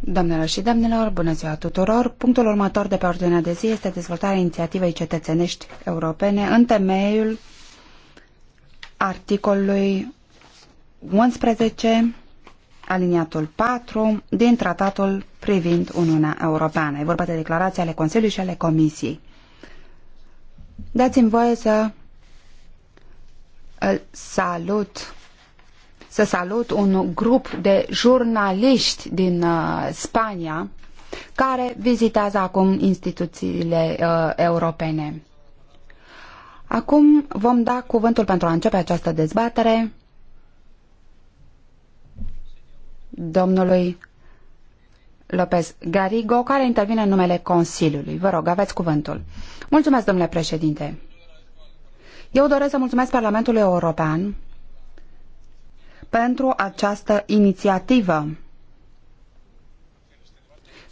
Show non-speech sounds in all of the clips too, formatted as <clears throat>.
Doamnelor și domnilor, bună ziua tuturor! Punctul următor de pe ordinea de zi este dezvoltarea inițiativei cetățenești europene în temeiul articolului 11 aliniatul 4 din tratatul privind Uniunea Europeană. E vorba de declarații ale Consiliului și ale Comisiei. Dați-mi voie să îl salut să salut un grup de jurnaliști din uh, Spania care vizitează acum instituțiile uh, europene. Acum vom da cuvântul pentru a începe această dezbatere domnului Lopez Garigo, care intervine în numele Consiliului. Vă rog, aveți cuvântul. Mulțumesc, domnule președinte. Eu doresc să mulțumesc Parlamentului European pentru această inițiativă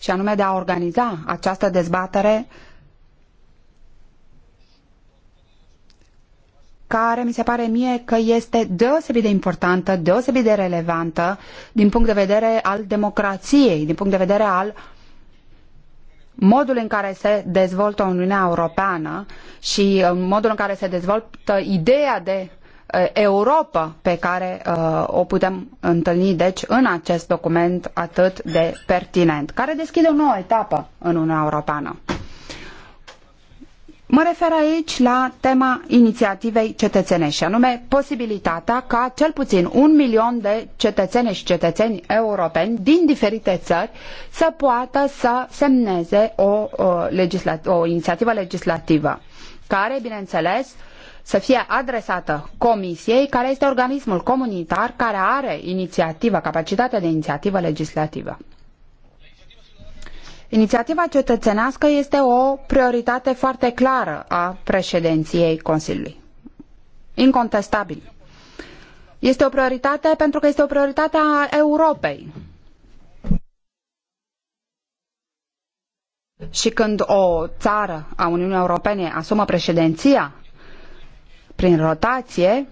și anume de a organiza această dezbatere care mi se pare mie că este deosebit de importantă, deosebit de relevantă din punct de vedere al democrației, din punct de vedere al modul în care se dezvoltă Uniunea Europeană și uh, modul în care se dezvoltă ideea de Uh, Europa pe care uh, o putem întâlni, deci, în acest document atât de pertinent, care deschide o nouă etapă în Uniunea Europeană. Mă refer aici la tema inițiativei cetățenești, anume posibilitatea ca cel puțin un milion de cetățeni și cetățeni europeni din diferite țări să poată să semneze o, o, uh, legislat o inițiativă legislativă, care, bineînțeles, uh, să fie adresată Comisiei, care este organismul comunitar care are inițiativă, capacitatea de inițiativă legislativă. Inițiativa cetățenească este o prioritate foarte clară a președinției Consiliului. Incontestabil. Este o prioritate pentru că este o prioritate a Europei. Și când o țară a Uniunii Europene asumă președinția prin rotație,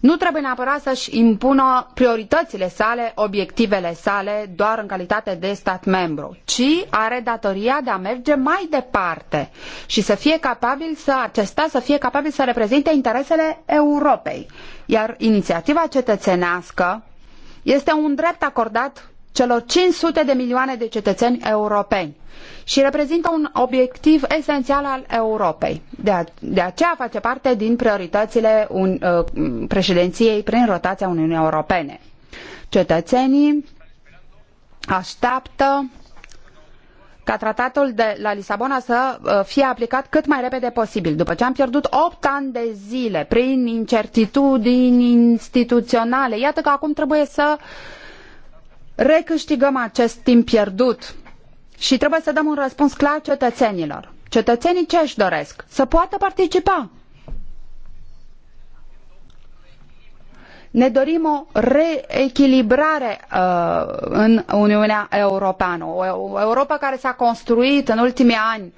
nu trebuie neapărat să-și impună prioritățile sale, obiectivele sale, doar în calitate de stat membru, ci are datoria de a merge mai departe și să fie capabil să acesta să fie capabil să reprezinte interesele Europei. Iar inițiativa cetățenească este un drept acordat celor 500 de milioane de cetățeni europeni și reprezintă un obiectiv esențial al Europei. De, a, de aceea face parte din prioritățile un, uh, președinției prin rotația Uniunii Europene. Cetățenii așteaptă ca tratatul de la Lisabona să uh, fie aplicat cât mai repede posibil. După ce am pierdut opt ani de zile prin incertitudini instituționale, iată că acum trebuie să uh, recâștigăm acest timp pierdut și trebuie să dăm un răspuns clar cetățenilor. Cetățenii ce își doresc? Să poată participa. Ne dorim o reechilibrare uh, în Uniunea Europeană, o Europa care s-a construit în ultimii ani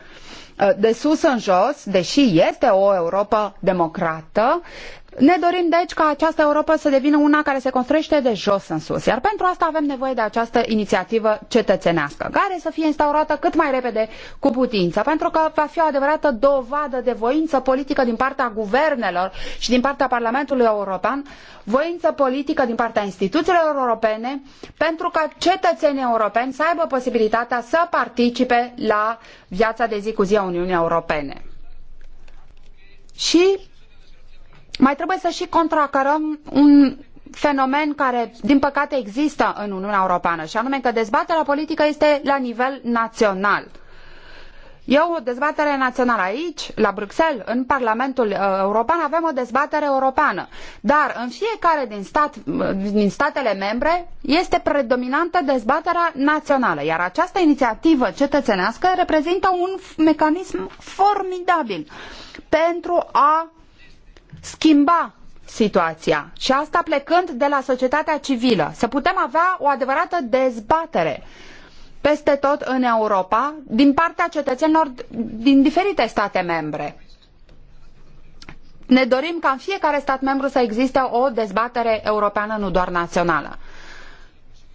uh, de sus în jos, deși este o Europa democrată, ne dorim deci ca această Europa să devină una care se construiește de jos în sus, iar pentru asta avem nevoie de această inițiativă cetățenească, care să fie instaurată cât mai repede cu putință, pentru că va fi o adevărată dovadă de voință politică din partea guvernelor și din partea Parlamentului European, voință politică din partea instituțiilor europene, pentru ca cetățenii europeni să aibă posibilitatea să participe la viața de zi cu zi a Uniunii Europene. Și mai trebuie să și contracarăm un fenomen care, din păcate, există în Uniunea Europeană, și anume că dezbaterea politică este la nivel național. E o dezbatere națională aici, la Bruxelles, în Parlamentul uh, European, avem o dezbatere europeană. Dar în fiecare din, stat, uh, din statele membre este predominantă dezbaterea națională, iar această inițiativă cetățenească reprezintă un mecanism formidabil pentru a schimba situația și asta plecând de la societatea civilă, să putem avea o adevărată dezbatere peste tot în Europa din partea cetățenilor din diferite state membre. Ne dorim ca în fiecare stat membru să existe o dezbatere europeană, nu doar națională.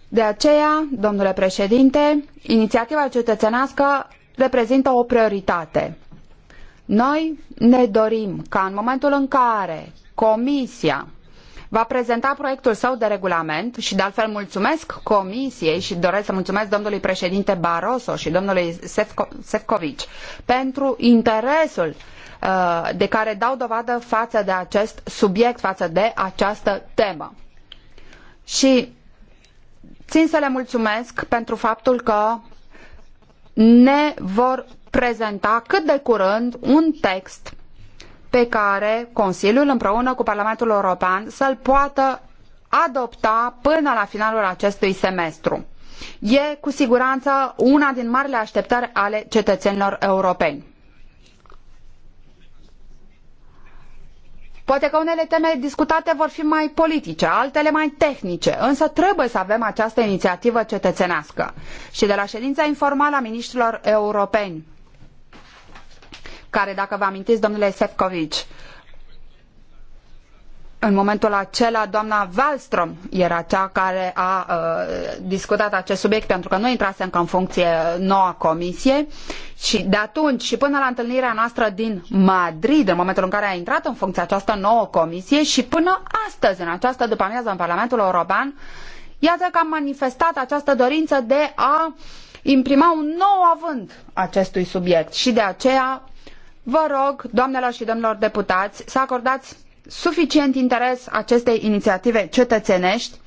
De aceea, domnule președinte, inițiativa cetățenească reprezintă o prioritate. Noi ne dorim ca în momentul în care Comisia va prezenta proiectul său de regulament și de altfel mulțumesc Comisiei și doresc să mulțumesc domnului președinte Barroso și domnului Sefcovici pentru interesul uh, de care dau dovadă față de acest subiect, față de această temă. Și țin să le mulțumesc pentru faptul că ne vor prezenta cât de curând un text pe care Consiliul împreună cu Parlamentul European să-l poată adopta până la finalul acestui semestru. E cu siguranță una din marile așteptări ale cetățenilor europeni. Poate că unele teme discutate vor fi mai politice, altele mai tehnice, însă trebuie să avem această inițiativă cetățenească. Și de la ședința informală a ministrilor europeni care, dacă vă amintiți, domnule Sefcovici, în momentul acela doamna Wallström era cea care a uh, discutat acest subiect pentru că nu intrase încă în funcție uh, noua comisie și de atunci și până la întâlnirea noastră din Madrid, în momentul în care a intrat în funcție această nouă comisie și până astăzi, în această după amiază în Parlamentul European, iată că am manifestat această dorință de a imprima un nou avânt acestui subiect și de aceea Vă rog, doamnelor și domnilor deputați, să acordați suficient interes acestei inițiative cetățenești,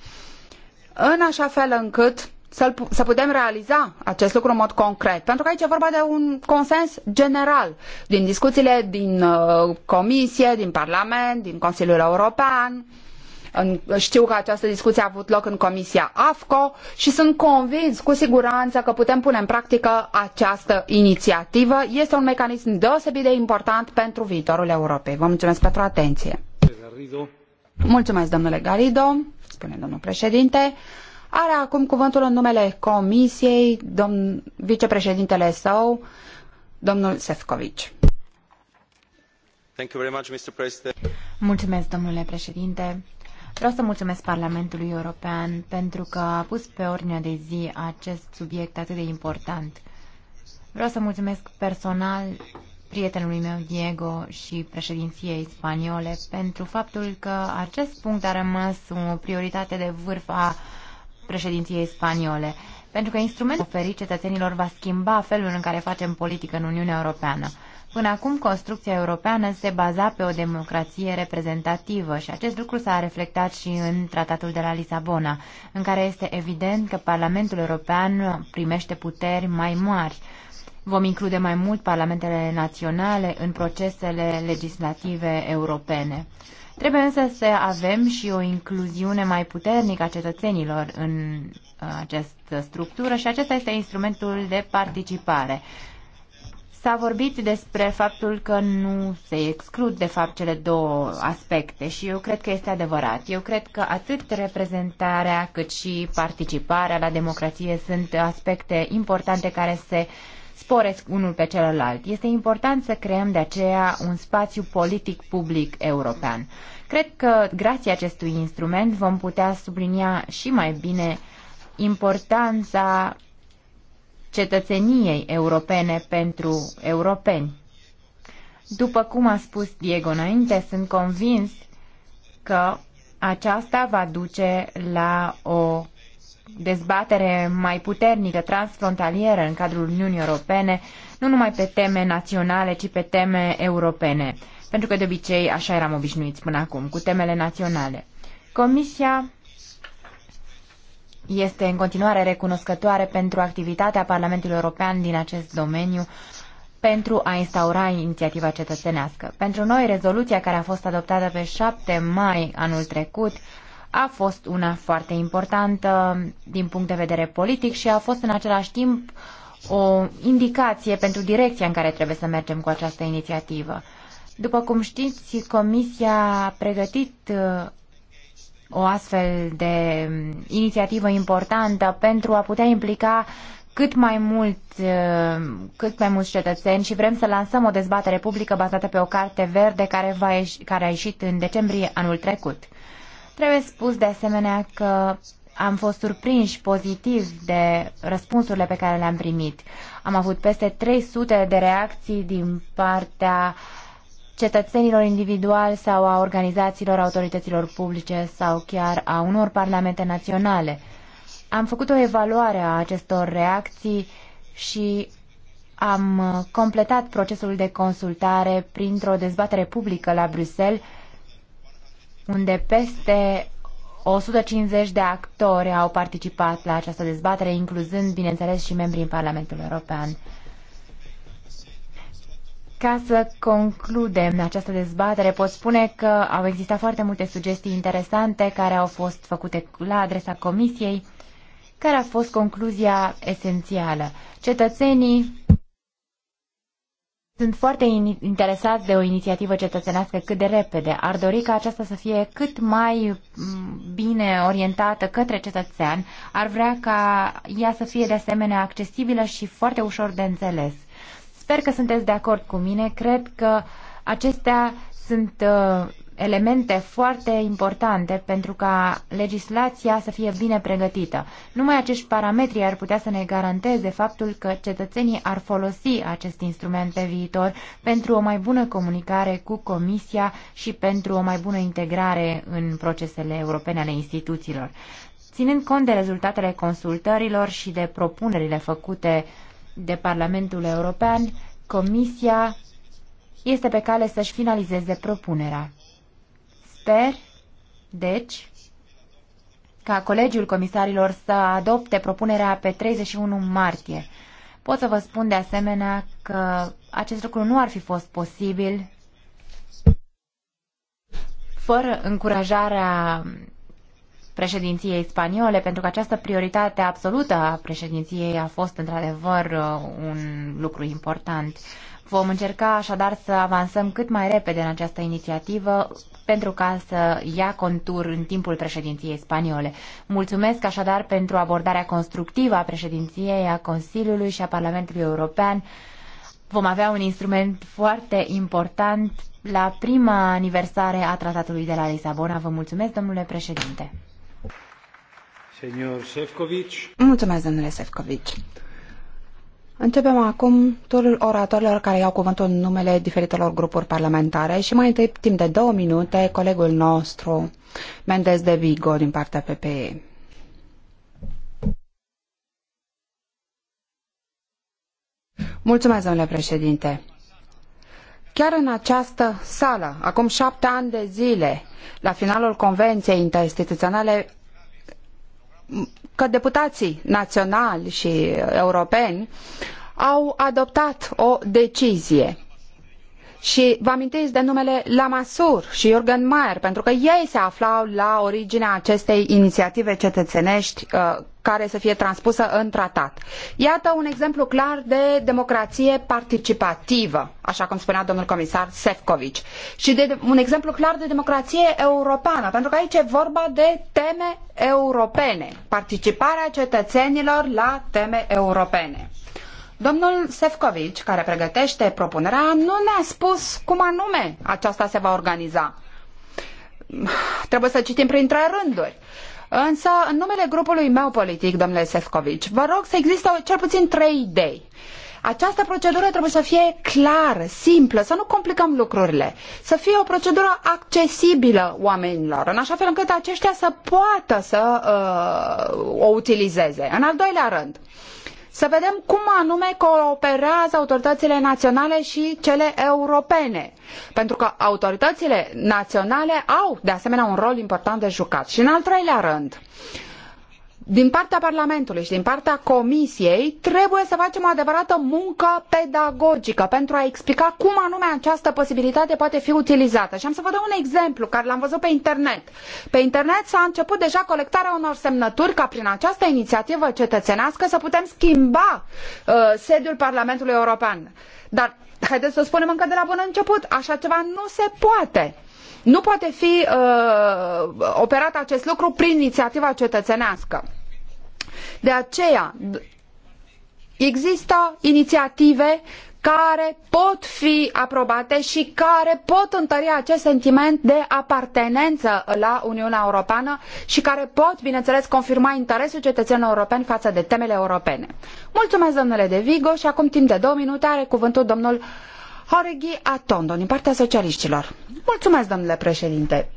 în așa fel încât să, putem realiza acest lucru în mod concret. Pentru că aici e vorba de un consens general din discuțiile din uh, Comisie, din Parlament, din Consiliul European, uh, în, știu că această discuție a avut loc în Comisia AFCO și sunt convins cu siguranță că putem pune în practică această inițiativă. Este un mecanism deosebit de important pentru viitorul Europei. Vă mulțumesc pentru atenție. Mulțumesc, domnule Garido, spune domnul președinte. Are acum cuvântul în numele Comisiei, domn, vicepreședintele său, domnul Sefcovici. Mulțumesc, domnule președinte. Vreau să mulțumesc Parlamentului European pentru că a pus pe ordinea de zi acest subiect atât de important. Vreau să mulțumesc personal prietenului meu Diego și președinției spaniole pentru faptul că acest punct a rămas o prioritate de vârf a președinției spaniole, pentru că instrumentul oferit cetățenilor va schimba felul în care facem politică în Uniunea Europeană. Până acum, construcția europeană se baza pe o democrație reprezentativă și acest lucru s-a reflectat și în Tratatul de la Lisabona, în care este evident că Parlamentul European primește puteri mai mari. Vom include mai mult parlamentele naționale în procesele legislative europene. Trebuie însă să avem și o incluziune mai puternică a cetățenilor în uh, această structură și acesta este instrumentul de participare. S-a vorbit despre faptul că nu se exclud, de fapt, cele două aspecte și eu cred că este adevărat. Eu cred că atât reprezentarea cât și participarea la democrație sunt aspecte importante care se sporesc unul pe celălalt. Este important să creăm de aceea un spațiu politic public european. Cred că, grație acestui instrument, vom putea sublinia și mai bine importanța cetățeniei europene pentru europeni. După cum a spus Diego înainte, sunt convins că aceasta va duce la o dezbatere mai puternică, transfrontalieră în cadrul Uniunii Europene, nu numai pe teme naționale, ci pe teme europene. Pentru că de obicei așa eram obișnuiți până acum, cu temele naționale. Comisia este în continuare recunoscătoare pentru activitatea Parlamentului European din acest domeniu pentru a instaura inițiativa cetățenească. Pentru noi, rezoluția care a fost adoptată pe 7 mai anul trecut a fost una foarte importantă din punct de vedere politic și a fost în același timp o indicație pentru direcția în care trebuie să mergem cu această inițiativă. După cum știți, Comisia a pregătit o astfel de inițiativă importantă pentru a putea implica cât mai mult uh, cât mai mulți cetățeni și vrem să lansăm o dezbatere publică bazată pe o carte verde care, va ieși, care a ieșit în decembrie anul trecut. Trebuie spus de asemenea că am fost surprinși pozitiv de răspunsurile pe care le-am primit. Am avut peste 300 de reacții din partea uh, cetățenilor individuali sau a organizațiilor, autorităților publice sau chiar a unor parlamente naționale. Am făcut o evaluare a acestor reacții și am completat procesul de consultare printr-o dezbatere publică la Bruxelles, unde peste 150 de actori au participat la această dezbatere, incluzând, bineînțeles, și membrii în Parlamentul European. Ca să concludem această dezbatere, pot spune că au existat foarte multe sugestii interesante care au fost făcute la adresa Comisiei, care a fost concluzia esențială. Cetățenii sunt foarte interesați de o inițiativă cetățenească cât de repede. Ar dori ca aceasta să fie cât mai mm, bine orientată către cetățean. Ar vrea ca ea să fie de asemenea accesibilă și foarte ușor de înțeles. Sper că sunteți de acord cu mine. Cred că acestea sunt uh, elemente foarte importante pentru ca legislația să fie bine pregătită. Numai acești parametri ar putea să ne garanteze faptul că cetățenii ar folosi acest instrument pe viitor pentru o mai bună comunicare cu Comisia și pentru o mai bună integrare în procesele europene ale instituțiilor. Ținând cont de rezultatele consultărilor și de propunerile făcute uh, de Parlamentul European, Comisia este pe cale să-și finalizeze propunerea. Sper, deci, ca Colegiul Comisarilor să adopte propunerea pe 31 martie. Pot să vă spun de asemenea că acest lucru nu ar fi fost posibil fără încurajarea președinției spaniole, pentru că această prioritate absolută a președinției a fost într-adevăr uh, un lucru important. Vom încerca așadar să avansăm cât mai repede în această inițiativă pentru ca să ia contur în timpul președinției spaniole. Mulțumesc așadar pentru abordarea constructivă a președinției, a Consiliului și a Parlamentului European. Vom avea un instrument foarte important la prima aniversare a Tratatului de la Lisabona. Vă mulțumesc, domnule președinte. Mulțumesc, domnule Sefcovic. Începem acum turul oratorilor care iau cuvântul în numele diferitelor grupuri parlamentare și mai întâi, timp de două minute, colegul nostru, Mendes de Vigo, din partea PPE. Mulțumesc, domnule președinte. Chiar în această sală, acum șapte ani de zile, la finalul Convenției Interinstituționale că deputații naționali și europeni au adoptat o decizie și vă amintiți de numele Lamassur și Jürgen Mayer, pentru că ei se aflau la originea acestei inițiative cetățenești uh, care să fie transpusă în tratat. Iată un exemplu clar de democrație participativă, așa cum spunea domnul comisar Sefcovic, și de un exemplu clar de democrație europeană, pentru că aici e vorba de teme europene, participarea cetățenilor la teme europene. Domnul Sefcovici, care pregătește propunerea, nu ne-a spus cum anume aceasta se va organiza. Trebuie să citim printre rânduri. Însă, în numele grupului meu politic, domnule Sefcovici, vă rog să există cel puțin trei idei. Această procedură trebuie să fie clară, simplă, să nu complicăm lucrurile, să fie o procedură accesibilă oamenilor, în așa fel încât aceștia să poată să uh, o utilizeze. În al doilea rând, uh, să vedem cum anume cooperează autoritățile naționale și cele europene. Pentru că autoritățile naționale au, de asemenea, un rol important de jucat. Și în al treilea rând, din partea Parlamentului și din partea Comisiei trebuie să facem o adevărată muncă pedagogică pentru a explica cum anume această posibilitate poate fi utilizată. Și am să vă dau un exemplu care l-am văzut pe internet. Pe internet s-a început deja colectarea unor semnături ca prin această inițiativă cetățenească să putem schimba uh, sediul Parlamentului European. Dar haideți să spunem încă de la bun început, așa ceva nu se poate. Nu poate fi uh, operat acest lucru prin inițiativa cetățenească. De aceea există inițiative care pot fi aprobate și care pot întări acest sentiment de apartenență la Uniunea Europeană și care pot, bineînțeles, confirma interesul cetățenilor europeni față de temele europene. Mulțumesc, domnule De Vigo, și acum timp de două minute are cuvântul domnul Horeghi Atondo, din partea socialiștilor. Mulțumesc, domnule președinte.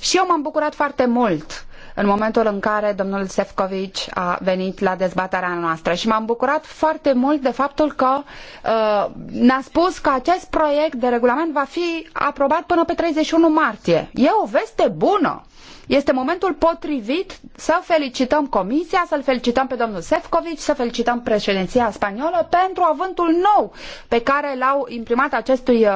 Și eu m-am bucurat foarte mult în momentul în care domnul Sefcovic a venit la dezbaterea noastră și m-am bucurat foarte mult de faptul că uh, ne-a spus că acest proiect de regulament va fi aprobat până pe 31 martie. E o veste bună este momentul potrivit să felicităm Comisia, să-l felicităm pe domnul Sefcovic, să felicităm președinția spaniolă pentru avântul nou pe care l-au imprimat acestui, uh,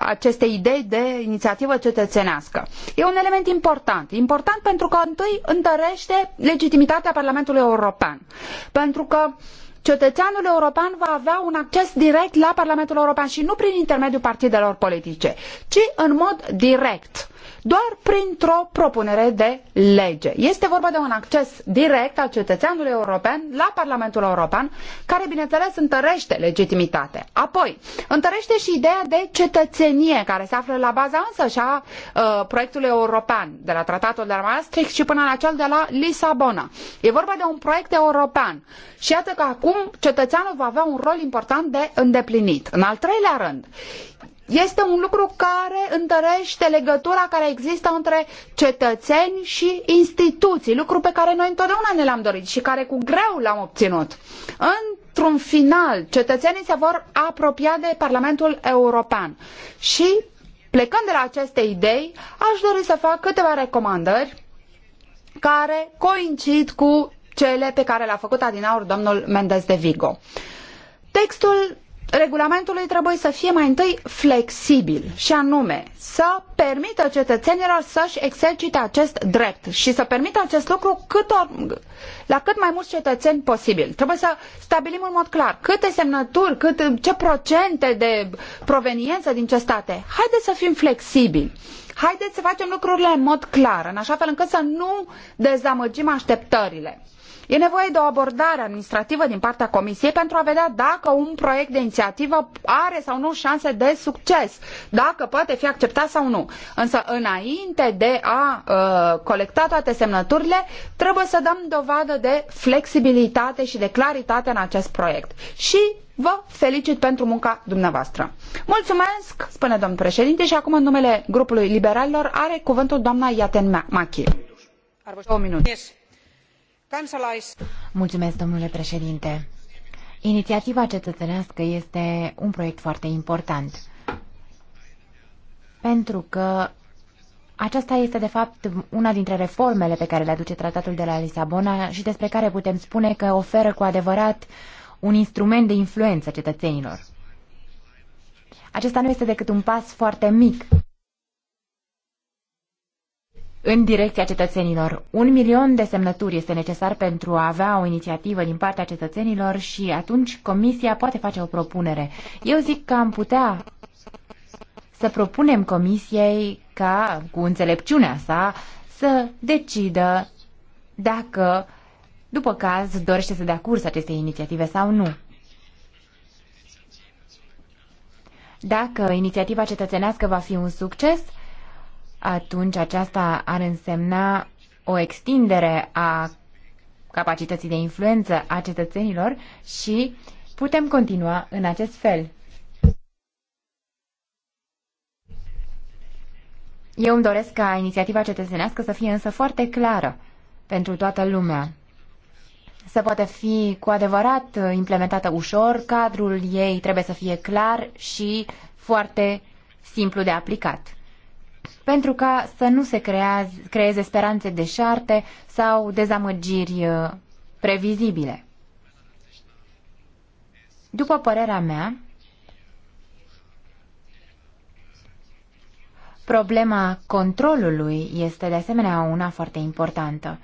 aceste idei de inițiativă cetățenească. E un element important. Important pentru că întâi întărește legitimitatea Parlamentului European. Pentru că cetățeanul european va avea un acces direct la Parlamentul European și nu prin intermediul partidelor politice, ci în mod direct doar printr-o propunere de lege. Este vorba de un acces direct al cetățeanului european la Parlamentul European, care, bineînțeles, întărește legitimitatea. Apoi, întărește și ideea de cetățenie, care se află la baza însă și a uh, proiectului european, de la Tratatul de la Maastricht și până la cel de la Lisabona. E vorba de un proiect european. Și iată că acum cetățeanul va avea un rol important de îndeplinit. În al treilea rând, este un lucru care întărește legătura care există între cetățeni și instituții, lucru pe care noi întotdeauna ne l-am dorit și care cu greu l-am obținut. Într-un final, cetățenii se vor apropia de Parlamentul European și, plecând de la aceste idei, aș dori să fac câteva recomandări care coincid cu cele pe care le-a făcut adinaur domnul Mendes de Vigo. Textul regulamentului trebuie să fie mai întâi flexibil și anume să permită cetățenilor să-și exercite acest drept și să permită acest lucru cât or, la cât mai mulți cetățeni posibil. Trebuie să stabilim în mod clar câte semnături, cât, ce procente de proveniență din ce state. Haideți să fim flexibili. Haideți să facem lucrurile în mod clar, în așa fel încât să nu dezamăgim așteptările. E nevoie de o abordare administrativă din partea Comisiei pentru a vedea dacă un proiect de inițiativă are sau nu șanse de succes, dacă poate fi acceptat sau nu. Însă, înainte de a uh, colecta toate semnăturile, trebuie să dăm dovadă de flexibilitate și de claritate în acest proiect. Și Vă felicit pentru munca dumneavoastră. Mulțumesc, spune domnul președinte, și acum în numele grupului liberalilor are cuvântul doamna Iaten Machi. minute. Mulțumesc, domnule președinte. Inițiativa cetățenească este un proiect foarte important. Pentru că aceasta este, de fapt, una dintre reformele pe care le aduce tratatul de la Lisabona și despre care putem spune că oferă cu adevărat un instrument de influență cetățenilor. Acesta nu este decât un pas foarte mic în direcția cetățenilor. Un milion de semnături este necesar pentru a avea o inițiativă din partea cetățenilor și atunci Comisia poate face o propunere. Eu zic că am putea să propunem Comisiei ca, cu înțelepciunea sa, să decidă dacă, după caz, dorește să dea curs acestei inițiative sau nu. Dacă inițiativa cetățenească va fi un succes, atunci aceasta ar însemna o extindere a capacității de influență a cetățenilor și putem continua în acest fel. Eu îmi doresc ca inițiativa cetățenească să fie însă foarte clară pentru toată lumea. Să poate fi cu adevărat implementată ușor, cadrul ei trebuie să fie clar și foarte simplu de aplicat pentru ca să nu se creaz, creeze speranțe deșarte sau dezamăgiri uh, previzibile. După părerea mea, problema controlului este de asemenea una foarte importantă.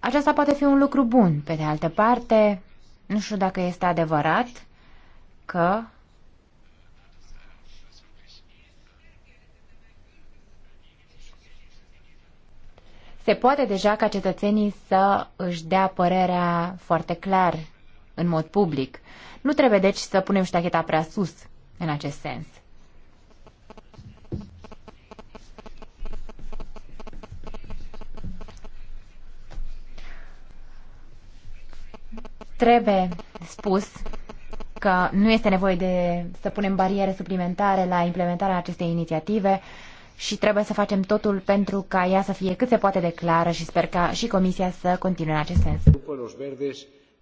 Aceasta poate fi un lucru bun. Pe de altă parte, nu știu dacă este adevărat că se poate deja ca cetățenii să își dea părerea foarte clar, în mod public. Nu trebuie deci să punem ștacheta prea sus în acest sens. Trebuie spus că nu este nevoie de să punem bariere suplimentare la implementarea acestei inițiative, și trebuie să facem totul pentru ca ea să fie cât se poate de clară și sper ca și Comisia să continue în acest sens.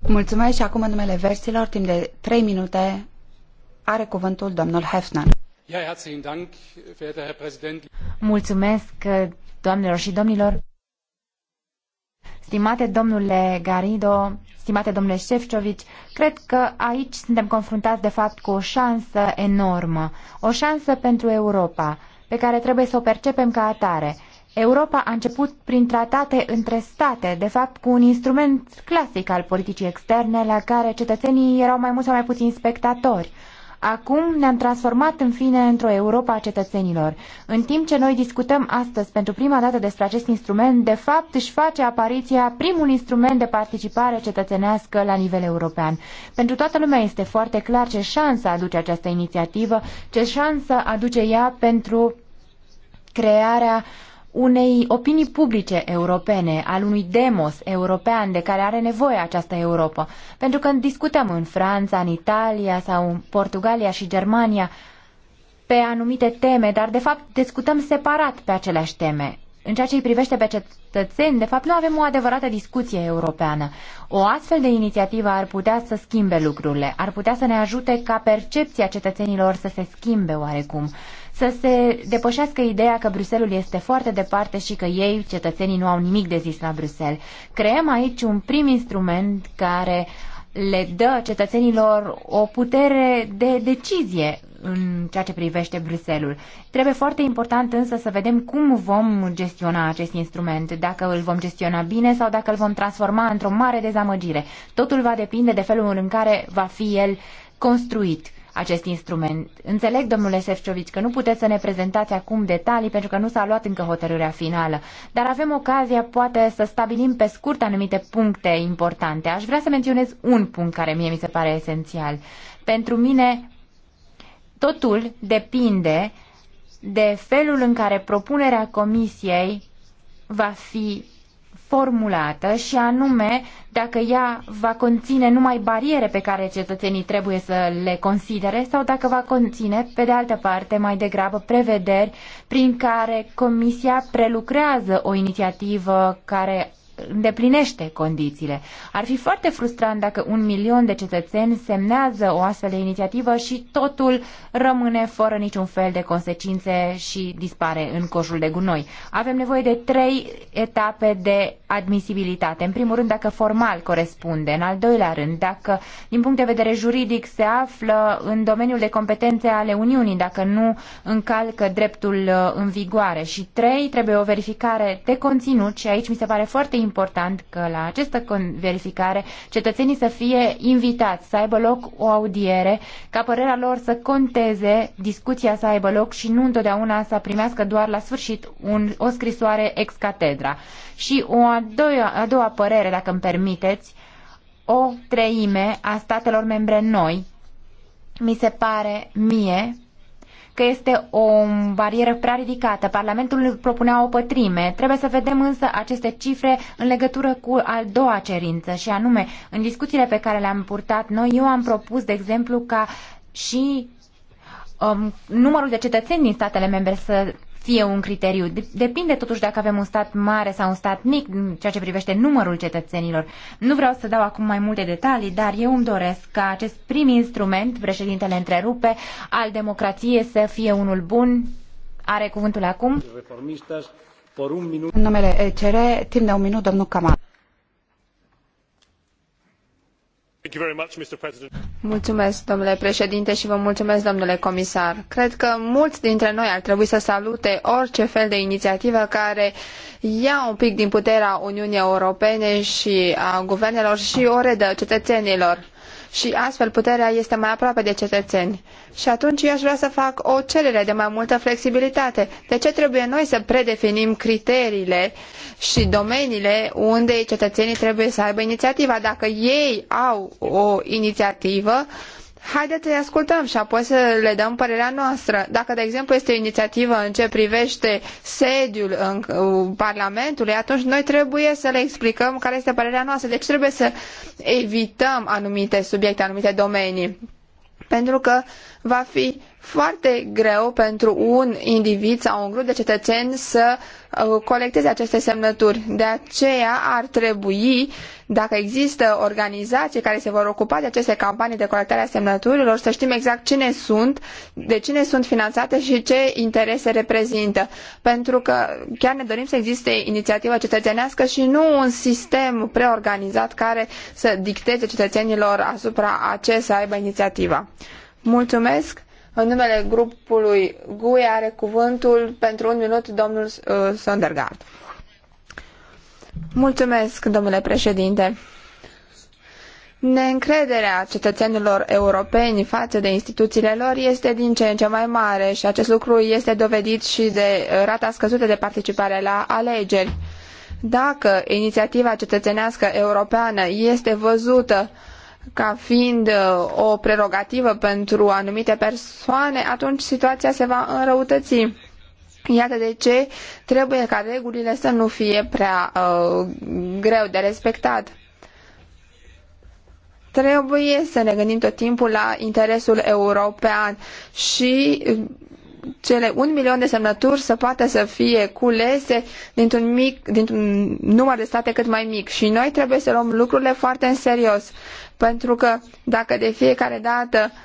Mulțumesc și acum în numele versilor, timp de 3 minute, are cuvântul domnul Hefner. Mulțumesc, doamnelor și domnilor. Stimate domnule Garido, stimate domnule Șefcovici, cred că aici suntem confruntați de fapt cu o șansă enormă, o șansă pentru Europa pe care trebuie să o percepem ca atare. Europa a început prin tratate între state, de fapt cu un instrument clasic al politicii externe la care cetățenii erau mai mult sau mai puțin spectatori. Acum ne-am transformat în fine într-o Europa a cetățenilor. În timp ce noi discutăm astăzi pentru prima dată despre acest instrument, de fapt își face apariția primul instrument de participare cetățenească la nivel european. Pentru toată lumea este foarte clar ce șansă aduce această inițiativă, ce șansă aduce ea pentru crearea uh, unei opinii publice europene, al unui demos european de care are nevoie această Europa. Pentru că discutăm în Franța, în Italia sau în Portugalia și Germania pe anumite teme, dar de fapt discutăm separat pe aceleași teme. În ceea ce îi privește pe cetățeni, de fapt nu avem o adevărată discuție europeană. O astfel de inițiativă ar putea să schimbe lucrurile, ar putea să ne ajute ca percepția cetățenilor să se schimbe oarecum să se depășească ideea că Bruselul este foarte departe și că ei, cetățenii, nu au nimic de zis la Bruxelles. Creăm aici un prim instrument care le dă cetățenilor o putere de decizie în ceea ce privește Bruselul. Trebuie foarte important însă să vedem cum vom gestiona acest instrument, dacă îl vom gestiona bine sau dacă îl vom transforma într-o mare dezamăgire. Totul va depinde de felul în care va fi el construit acest instrument. Înțeleg, domnule Sefcovici, că nu puteți să ne prezentați acum detalii pentru că nu s-a luat încă hotărârea finală, dar avem ocazia poate să stabilim pe scurt anumite puncte importante. Aș vrea să menționez un punct care mie mi se pare esențial. Pentru mine totul depinde de felul în care propunerea comisiei va fi formulată și anume dacă ea va conține numai bariere pe care cetățenii trebuie să le considere sau dacă va conține, pe de altă parte, mai degrabă prevederi prin care Comisia prelucrează o inițiativă care îndeplinește condițiile. Ar fi foarte frustrant dacă un milion de cetățeni semnează o astfel de inițiativă și totul rămâne fără niciun fel de consecințe și dispare în coșul de gunoi. Avem nevoie de trei etape de admisibilitate. În primul rând, dacă formal corespunde. În al doilea rând, dacă din punct de vedere juridic se află în domeniul de competențe ale Uniunii, dacă nu încalcă dreptul uh, în vigoare. Și trei, trebuie o verificare de conținut și aici mi se pare foarte important important că la această verificare cetățenii să fie invitați, să aibă loc o audiere, ca părerea lor să conteze, discuția să aibă loc și nu întotdeauna să primească doar la sfârșit un, o scrisoare ex catedra. Și o a doua, a doua părere, dacă îmi permiteți, o treime a statelor membre noi, mi se pare mie că este o barieră prea ridicată. Parlamentul propunea o pătrime. Trebuie să vedem însă aceste cifre în legătură cu al doua cerință și anume, în discuțiile pe care le-am purtat noi, eu am propus, de exemplu, ca și um, numărul de cetățeni din statele membre să fie un criteriu. Depinde totuși dacă avem un stat mare sau un stat mic în ceea ce privește numărul cetățenilor. Nu vreau să dau acum mai multe detalii, dar eu îmi doresc ca acest prim instrument, președintele întrerupe, al democrației să fie unul bun. Are cuvântul acum. În numele ECR, timp de un minut, domnul Camar. Mulțumesc, domnule președinte, și vă mulțumesc, domnule comisar. Cred că mulți dintre noi ar trebui să salute orice fel de inițiativă care ia un pic din puterea Uniunii Europene și a guvernelor și o redă cetățenilor și astfel puterea este mai aproape de cetățeni. Și atunci eu aș vrea să fac o cerere de mai multă flexibilitate. De ce trebuie noi să predefinim criteriile și domeniile unde cetățenii trebuie să aibă inițiativa? Dacă ei au o inițiativă, uh, haideți să-i ascultăm și apoi să le dăm părerea noastră. Dacă, de exemplu, este o inițiativă în ce privește sediul în uh, Parlamentului, atunci noi trebuie să le explicăm care este părerea noastră. Deci trebuie să evităm anumite subiecte, anumite domenii. Pentru că va fi foarte greu pentru un individ sau un grup de cetățeni să uh, colecteze aceste semnături. De aceea ar trebui dacă există organizații care se vor ocupa de aceste campanii de colectare a semnăturilor, să știm exact cine sunt, de cine sunt finanțate și ce interese reprezintă. Pentru că chiar ne dorim să existe inițiativă cetățenească și nu un sistem preorganizat care să dicteze cetățenilor asupra a ce să aibă inițiativa. Mulțumesc! În numele grupului GUE are cuvântul pentru un minut domnul uh, Sondergaard. Mulțumesc, domnule președinte. Neîncrederea cetățenilor europeni față de instituțiile lor este din ce în ce mai mare și acest lucru este dovedit și de rata scăzută de participare la alegeri. Dacă inițiativa cetățenească europeană este văzută ca fiind uh, o prerogativă pentru anumite persoane, atunci situația se va înrăutăți Iată de ce trebuie ca regulile să nu fie prea uh, greu de respectat. Trebuie să ne gândim tot timpul la interesul european și uh, cele un milion de semnături să poată să fie culese dintr-un mic, dintr-un număr de state cât mai mic. Și noi trebuie să luăm lucrurile foarte în serios, pentru că dacă de fiecare dată uh,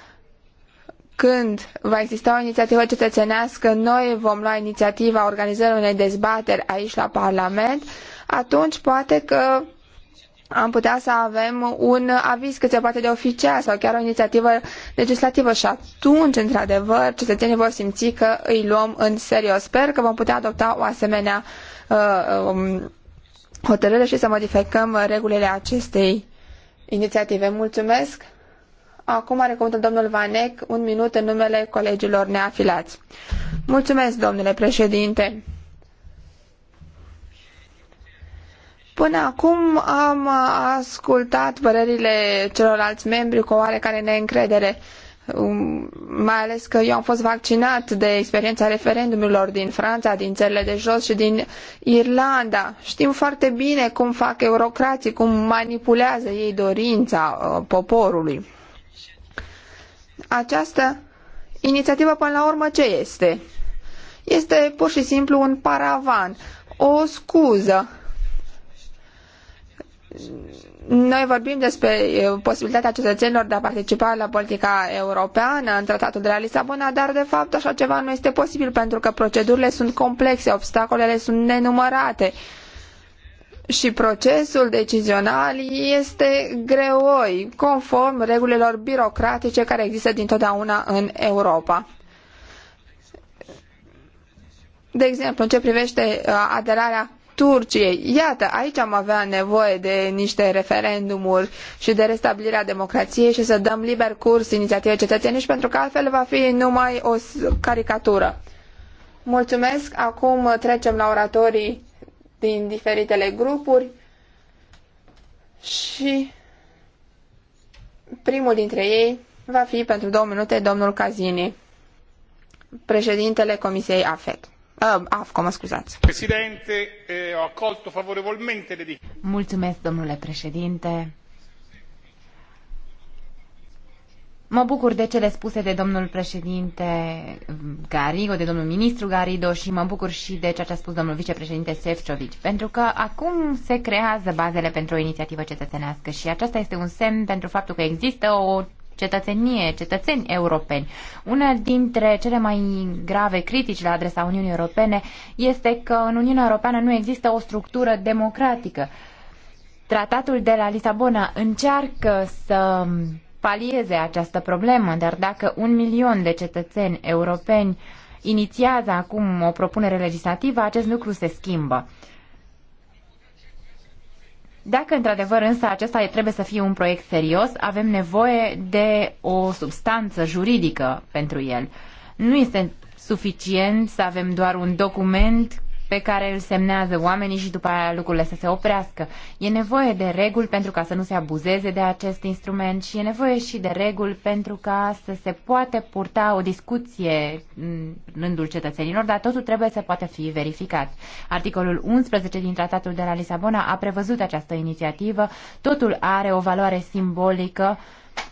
când va exista o inițiativă cetățenească, noi vom lua inițiativa organizării unei dezbateri aici la Parlament, atunci poate că am putea să avem un aviz cât se poate de oficial sau chiar o inițiativă legislativă și atunci, într-adevăr, cetățenii vor simți că îi luăm în serios. Sper că vom putea adopta o asemenea uh, um, hotărâre și să modificăm regulile acestei inițiative. Mulțumesc! Acum are cuvântul domnul Vanec, un minut în numele colegilor neafilați. Mulțumesc, domnule președinte. Până acum am ascultat părerile celorlalți membri cu oarecare neîncredere, um, mai ales că eu am fost vaccinat de experiența referendumurilor din Franța, din țările de jos și din Irlanda. Știm foarte bine cum fac eurocrații, cum manipulează ei dorința uh, poporului. Această inițiativă, până la urmă, ce este? Este pur și simplu un paravan, o scuză. Noi vorbim despre posibilitatea cetățenilor de a participa la politica europeană în tratatul de la Lisabona, dar de fapt așa ceva nu este posibil pentru că procedurile sunt complexe, obstacolele sunt nenumărate. Uh, și procesul decizional este greoi, conform regulilor birocratice care există dintotdeauna în Europa. De exemplu, în ce privește uh, aderarea Turciei. Iată, aici am avea nevoie de niște referendumuri și de restabilirea democrației și să dăm liber curs inițiativei cetățeniști, pentru că altfel va fi numai o caricatură. Mulțumesc. Acum trecem la oratorii din diferitele grupuri și primul dintre ei va fi pentru două minute domnul Cazini, președintele Comisiei AFET. Uh, AFCO, mă scuzați. Președinte, eh, acolto favorevolmente le Mulțumesc, domnule președinte. Mă bucur de cele spuse de domnul președinte Garigo, de domnul ministru Garido și mă bucur și de ceea ce a spus domnul vicepreședinte Sefcovic, pentru că acum se creează bazele pentru o inițiativă cetățenească și aceasta este un semn pentru faptul că există o cetățenie, cetățeni europeni. Una dintre cele mai grave critici la adresa Uniunii Europene este că în Uniunea Europeană nu există o structură democratică. Tratatul de la Lisabona încearcă să palieze această problemă, dar dacă un milion de cetățeni europeni inițiază acum o propunere legislativă, acest lucru se schimbă. Dacă într-adevăr însă acesta trebuie să fie un proiect serios, avem nevoie de o substanță juridică pentru el. Nu este suficient să avem doar un document pe care îl semnează oamenii și după aia lucrurile să se oprească. E nevoie de reguli pentru ca să nu se abuzeze de acest instrument și e nevoie și de reguli pentru ca să se poate purta o discuție în rândul cetățenilor, dar totul trebuie să poată fi verificat. Articolul 11 din Tratatul de la Lisabona a prevăzut această inițiativă. Totul are o valoare simbolică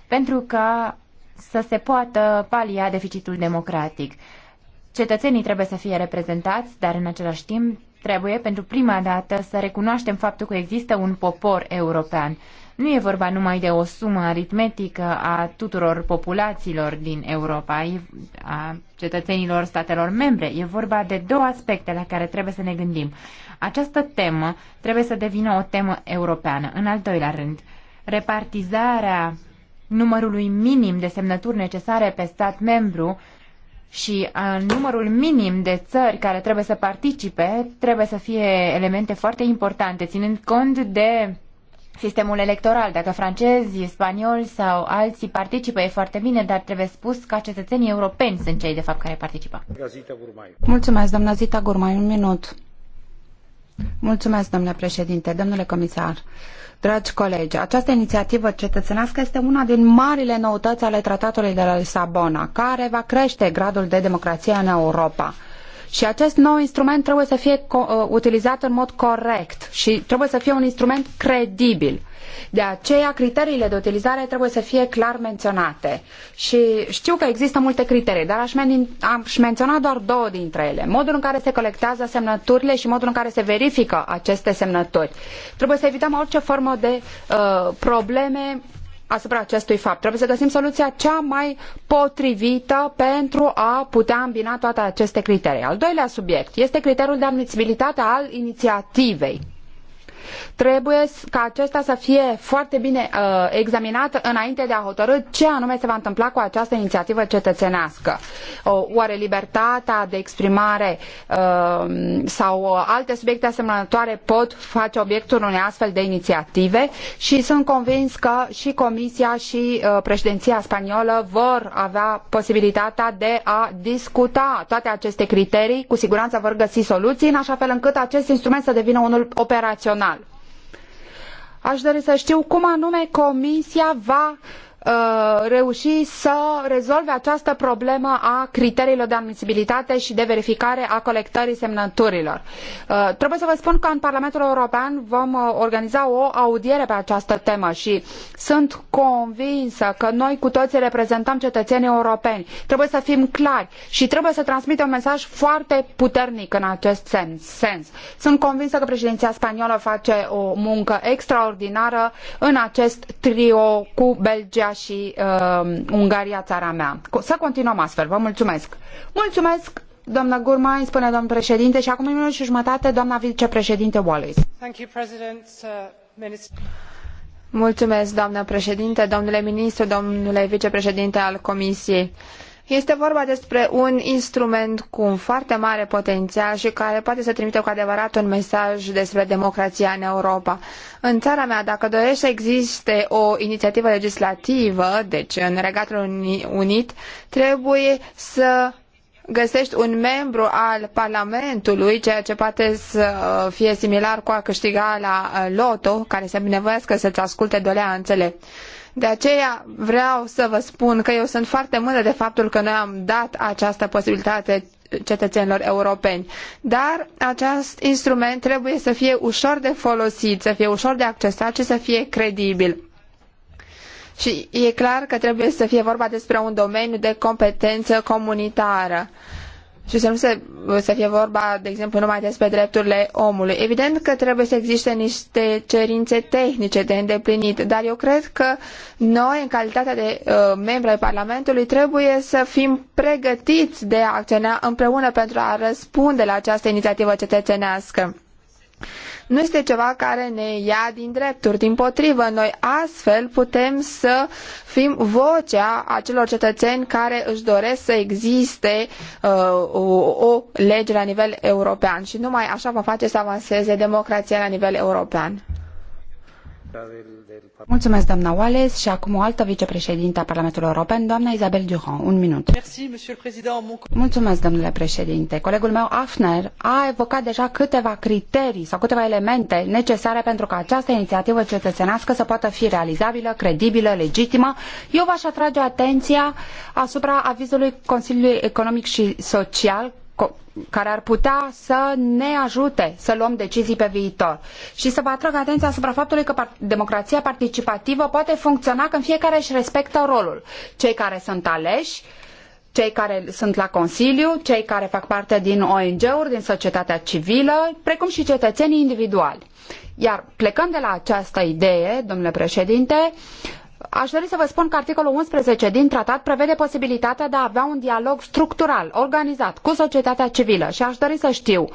pentru ca să se poată palia deficitul democratic. Cetățenii trebuie să fie reprezentați, dar în același timp trebuie pentru prima dată să recunoaștem faptul că există un popor european. Nu e vorba numai de o sumă aritmetică a tuturor populațiilor din Europa, a cetățenilor statelor membre. E vorba de două aspecte la care trebuie să ne gândim. Această temă trebuie să devină o temă europeană. În al doilea rând, repartizarea numărului minim de semnături necesare pe stat membru și uh, numărul minim de țări care trebuie să participe trebuie să fie elemente foarte importante, ținând cont de sistemul electoral. Dacă francezi, spanioli sau alții participă, e foarte bine, dar trebuie spus că cetățenii europeni sunt cei, de fapt, care participă. Mulțumesc, doamna Zita Gurmai. Un minut. Mulțumesc, domnule președinte, domnule comisar. Dragi colegi, această inițiativă cetățenească este una din marile noutăți ale Tratatului de la Lisabona, care va crește gradul de democrație în Europa. Și acest nou instrument trebuie să fie uh, utilizat în mod corect și trebuie să fie un instrument credibil de aceea, criteriile de utilizare trebuie să fie clar menționate. Și știu că există multe criterii, dar aș, men- aș menționa doar două dintre ele. Modul în care se colectează semnăturile și modul în care se verifică aceste semnături. Trebuie să evităm orice formă de uh, probleme asupra acestui fapt. Trebuie să găsim soluția cea mai potrivită pentru a putea îmbina toate aceste criterii. Al doilea subiect este criteriul de admisibilitate al inițiativei. Trebuie ca acesta să fie foarte bine uh, examinat înainte de a hotărâ ce anume se va întâmpla cu această inițiativă cetățenească. O, oare libertatea de exprimare uh, sau uh, alte subiecte asemănătoare pot face obiectul unei astfel de inițiative și sunt convins că și Comisia și uh, președinția spaniolă vor avea posibilitatea de a discuta toate aceste criterii, cu siguranță vor găsi soluții în așa fel încât acest instrument să devină unul operațional Aș dori să știu cum anume Comisia va Uh, reuși să rezolve această problemă a criteriilor de admisibilitate și de verificare a colectării semnăturilor. Uh, trebuie să vă spun că în Parlamentul European vom uh, organiza o audiere pe această temă și sunt convinsă că noi cu toții reprezentăm cetățenii europeni. Trebuie să fim clari și trebuie să transmitem un mesaj foarte puternic în acest sens. Sunt convinsă că președinția spaniolă face o muncă extraordinară în acest trio cu Belgia și uh, Ungaria, țara mea. Să continuăm astfel. Vă mulțumesc. Mulțumesc, doamnă Gurmai, spune domnul președinte, și acum minut și jumătate, doamna vicepreședinte Wallace. Thank you, President, uh, Mulțumesc, doamnă președinte, domnule ministru, domnule vicepreședinte al Comisiei. Uh, este vorba despre un instrument cu un foarte mare potențial și care poate să trimite cu adevărat un mesaj despre democrația în Europa. În țara mea, dacă dorești să existe o inițiativă legislativă, deci în Regatul Unit, trebuie să găsești un membru al Parlamentului, ceea ce poate să fie similar cu a câștiga la loto, care se binevoiască să-ți asculte doleanțele. De aceea vreau să vă spun că eu sunt foarte mândră de faptul că noi am dat această posibilitate cetățenilor europeni. Dar acest instrument trebuie să fie ușor de folosit, să fie ușor de accesat și să fie credibil. Și e clar că trebuie să fie vorba despre un domeniu de competență comunitară. Uh, și să nu se, să fie vorba, de exemplu, numai despre drepturile omului. Evident că trebuie să existe niște cerințe tehnice de îndeplinit, dar eu cred că noi, în calitate de uh, membri ai Parlamentului, trebuie să fim pregătiți de a acționa împreună pentru a răspunde la această inițiativă cetățenească nu este ceva care ne ia din drepturi. Din potrivă, noi astfel putem să fim vocea acelor cetățeni care își doresc să existe uh, o, o lege la nivel european și numai așa va face să avanseze democrația la nivel european. Mulțumesc, doamna Wallace. Și acum o altă vicepreședintă a Parlamentului European, doamna Isabel Durand. Un minut. Mulțumesc, domnule președinte. Colegul meu, Afner, a evocat deja câteva criterii sau câteva elemente necesare pentru ca această inițiativă cetățenească să poată fi realizabilă, credibilă, legitimă. Eu v-aș atrage atenția asupra avizului Consiliului Economic și Social care ar putea să ne ajute să luăm decizii pe viitor. Și să vă atrag atenția asupra faptului că democrația participativă poate funcționa când fiecare își respectă rolul. Cei care sunt aleși, cei care sunt la Consiliu, cei care fac parte din ONG-uri, din societatea civilă, precum și cetățenii individuali. Iar plecând de la această idee, domnule președinte, uh, Aș dori să vă spun că articolul 11 din tratat prevede posibilitatea de a avea un dialog structural, organizat, cu societatea civilă și aș dori să știu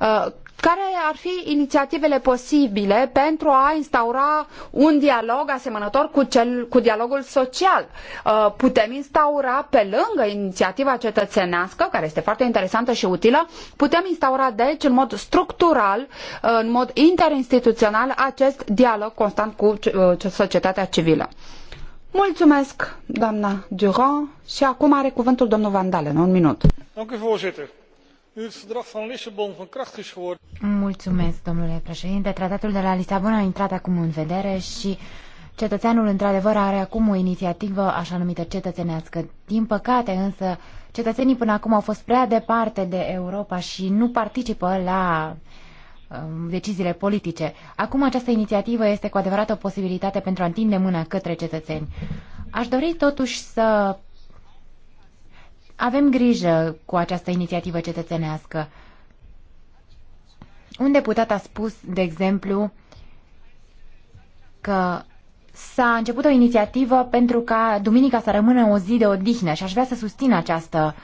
uh, care ar fi inițiativele posibile pentru a instaura un dialog asemănător cu, cel, cu dialogul social? Uh, putem instaura, pe lângă inițiativa cetățenească, care este foarte interesantă și utilă, putem instaura, deci, în mod structural, uh, în mod interinstituțional, acest dialog constant cu uh, societatea civilă. Mulțumesc, doamna Durand. Și acum are cuvântul domnul Vandalen. Un minut. Nu het verdrag van Lissabon van kracht is geworden. Mulțumesc, domnule președinte. Tratatul de la Lisabona a intrat acum în vedere și cetățeanul într-adevăr are acum o inițiativă așa numită cetățenească. Din păcate însă, cetățenii până acum au fost prea departe de Europa și nu participă la um, deciziile politice. Acum această inițiativă este cu adevărat o posibilitate pentru a întinde mâna către cetățeni. Aș dori totuși să avem grijă cu această inițiativă cetățenească. Un deputat a spus, de exemplu, că s-a început o inițiativă pentru ca duminica să rămână o zi de odihnă și aș vrea să susțin această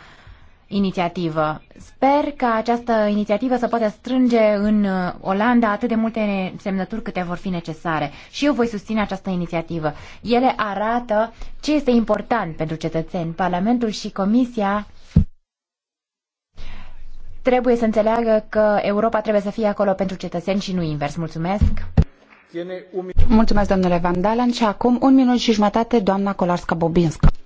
inițiativă. Sper că această inițiativă să poată strânge în uh, Olanda atât de multe semnături câte vor fi necesare. Și eu voi susține această inițiativă. Ele arată ce este important pentru cetățeni. Parlamentul și Comisia trebuie să înțeleagă că Europa trebuie să fie acolo pentru cetățeni și nu invers. Mulțumesc! Mulțumesc, domnule Van Dalen. Și acum un minut și jumătate, doamna Kolarska-Bobinska.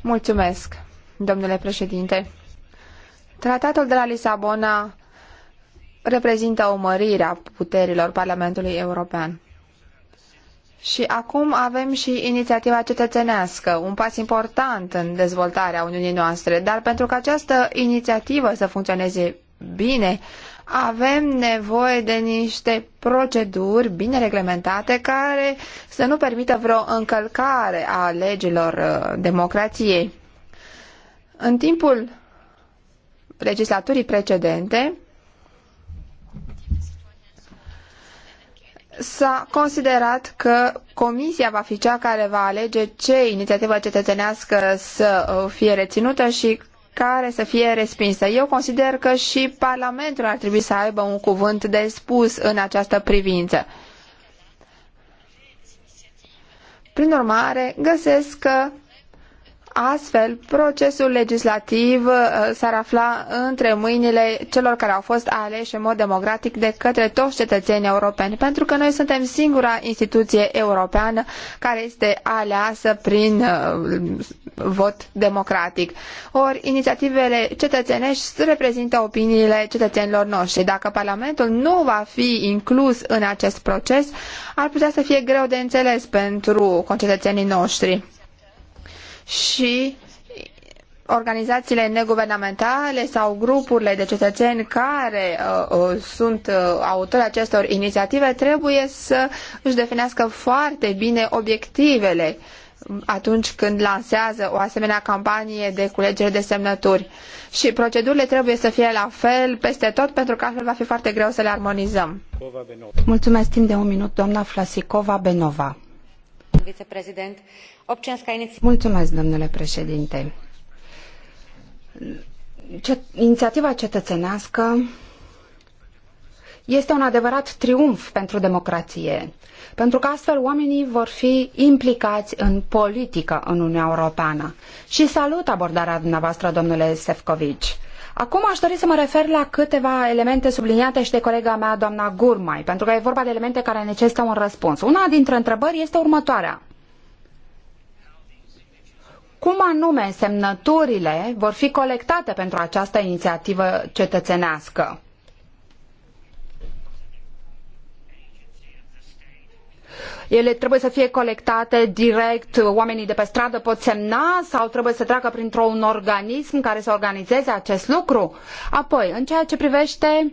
Mulțumesc, domnule președinte. Tratatul de la Lisabona reprezintă o mărire a puterilor Parlamentului European. Și acum avem și inițiativa cetățenească, un pas important în dezvoltarea Uniunii noastre, dar pentru că această inițiativă să funcționeze bine, avem nevoie de niște proceduri bine reglementate care să nu permită vreo încălcare a legilor uh, democrației. În timpul legislaturii precedente s-a considerat că comisia va fi cea care va alege ce inițiativă cetățenească să uh, fie reținută și care să fie respinsă. Eu consider că și Parlamentul ar trebui să aibă un cuvânt de spus în această privință. Prin urmare, găsesc că Astfel, procesul legislativ uh, s-ar afla între mâinile celor care au fost aleși în mod democratic de către toți cetățenii europeni, pentru că noi suntem singura instituție europeană care este aleasă prin uh, vot democratic. Ori, inițiativele cetățenești reprezintă opiniile cetățenilor noștri. Dacă Parlamentul nu va fi inclus în acest proces, ar putea să fie greu de înțeles pentru concetățenii noștri și organizațiile neguvernamentale sau grupurile de cetățeni care uh, uh, sunt uh, autori acestor inițiative trebuie să își definească foarte bine obiectivele atunci când lansează o asemenea campanie de culegere de semnături. Și procedurile trebuie să fie la fel peste tot, pentru că altfel va fi foarte greu să le armonizăm. Mulțumesc timp de un minut, doamna Flasicova Benova. Mulțumesc, domnule președinte. inițiativa cetățenească este un adevărat triumf pentru democrație, pentru că astfel oamenii vor fi implicați în politică în Uniunea Europeană. Și salut abordarea dumneavoastră, domnule Sefcovici. Acum aș dori să mă refer la câteva elemente subliniate și de colega mea, doamna Gurmai, pentru că e vorba de elemente care necesită un răspuns. Una dintre întrebări este următoarea. Cum anume semnăturile vor fi colectate pentru această inițiativă cetățenească? ele trebuie să fie colectate direct, oamenii de pe stradă pot semna sau trebuie să treacă printr-un organism care să organizeze acest lucru? Apoi, în ceea ce privește uh,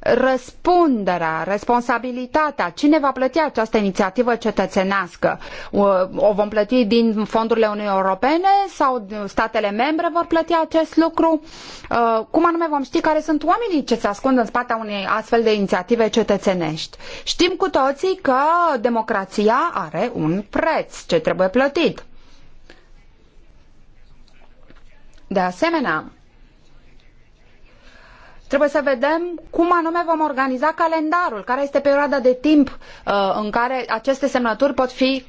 răspunderea, responsabilitatea, cine va plăti această inițiativă cetățenească? O vom plăti din fondurile Uniunii Europene sau statele membre vor plăti acest lucru? Uh, cum anume vom ști care sunt oamenii ce se ascund în spatele unei astfel de inițiative cetățenești? Știm cu toții că democrația are un preț ce trebuie plătit. De asemenea, Trebuie să vedem cum anume vom organiza calendarul, care este perioada de timp uh, în care aceste semnături pot fi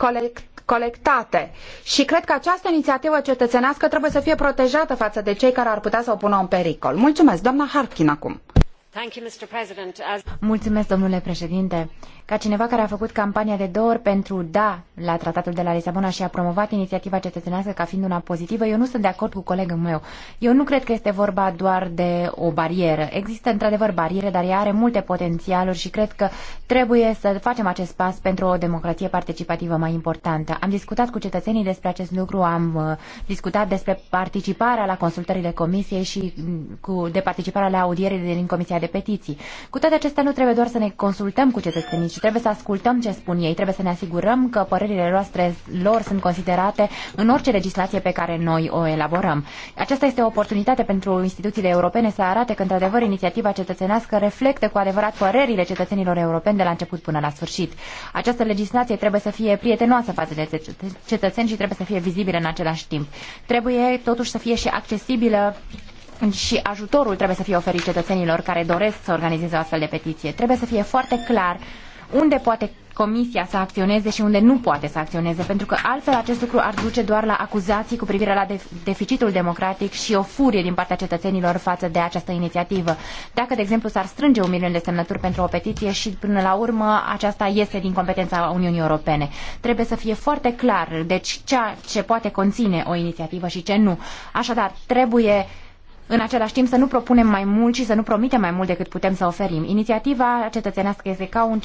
colectate. Și cred că această inițiativă cetățenească trebuie să fie protejată față de cei care ar putea să o pună în pericol. Mulțumesc, doamna Harkin acum. Mulțumesc, domnule președinte ca cineva care a făcut campania de două ori pentru da la tratatul de la Lisabona și a promovat inițiativa cetățenească ca fiind una pozitivă, eu nu sunt de acord cu colegul meu. Eu nu cred că este vorba doar de o barieră. Există într-adevăr bariere, dar ea are multe potențialuri și cred că trebuie să facem acest pas pentru o democrație participativă mai importantă. Am discutat cu cetățenii despre acest lucru, am uh, discutat despre participarea la consultările comisiei și mm, cu, de participarea la audierile din Comisia de Petiții. Cu toate acestea, nu trebuie doar să ne consultăm cu cetățenii, și trebuie să ascultăm ce spun ei, trebuie să ne asigurăm că părerile noastre lor sunt considerate în orice legislație pe care noi o elaborăm. Aceasta este o oportunitate pentru instituțiile europene să arate că, într-adevăr, inițiativa cetățenească reflectă cu adevărat părerile cetățenilor europeni de la început până la sfârșit. Această legislație trebuie să fie prietenoasă față de cetățeni și trebuie să fie vizibilă în același timp. Trebuie totuși să fie și accesibilă și ajutorul trebuie să fie oferit cetățenilor care doresc să organizeze o astfel de petiție. Trebuie să fie foarte clar unde poate Comisia să acționeze și unde nu poate să acționeze, pentru că altfel acest lucru ar duce doar la acuzații cu privire la deficitul democratic și o furie din partea cetățenilor față de această inițiativă. Dacă, de exemplu, s-ar strânge un milion de semnături pentru o petiție și, până la urmă, aceasta iese din competența Uniunii Europene. Trebuie să fie foarte clar, deci, ceea ce poate conține o inițiativă și ce nu. Așadar, trebuie în același timp să nu propunem mai mult și să nu promitem mai mult decât putem să oferim. Inițiativa cetățenească este ca un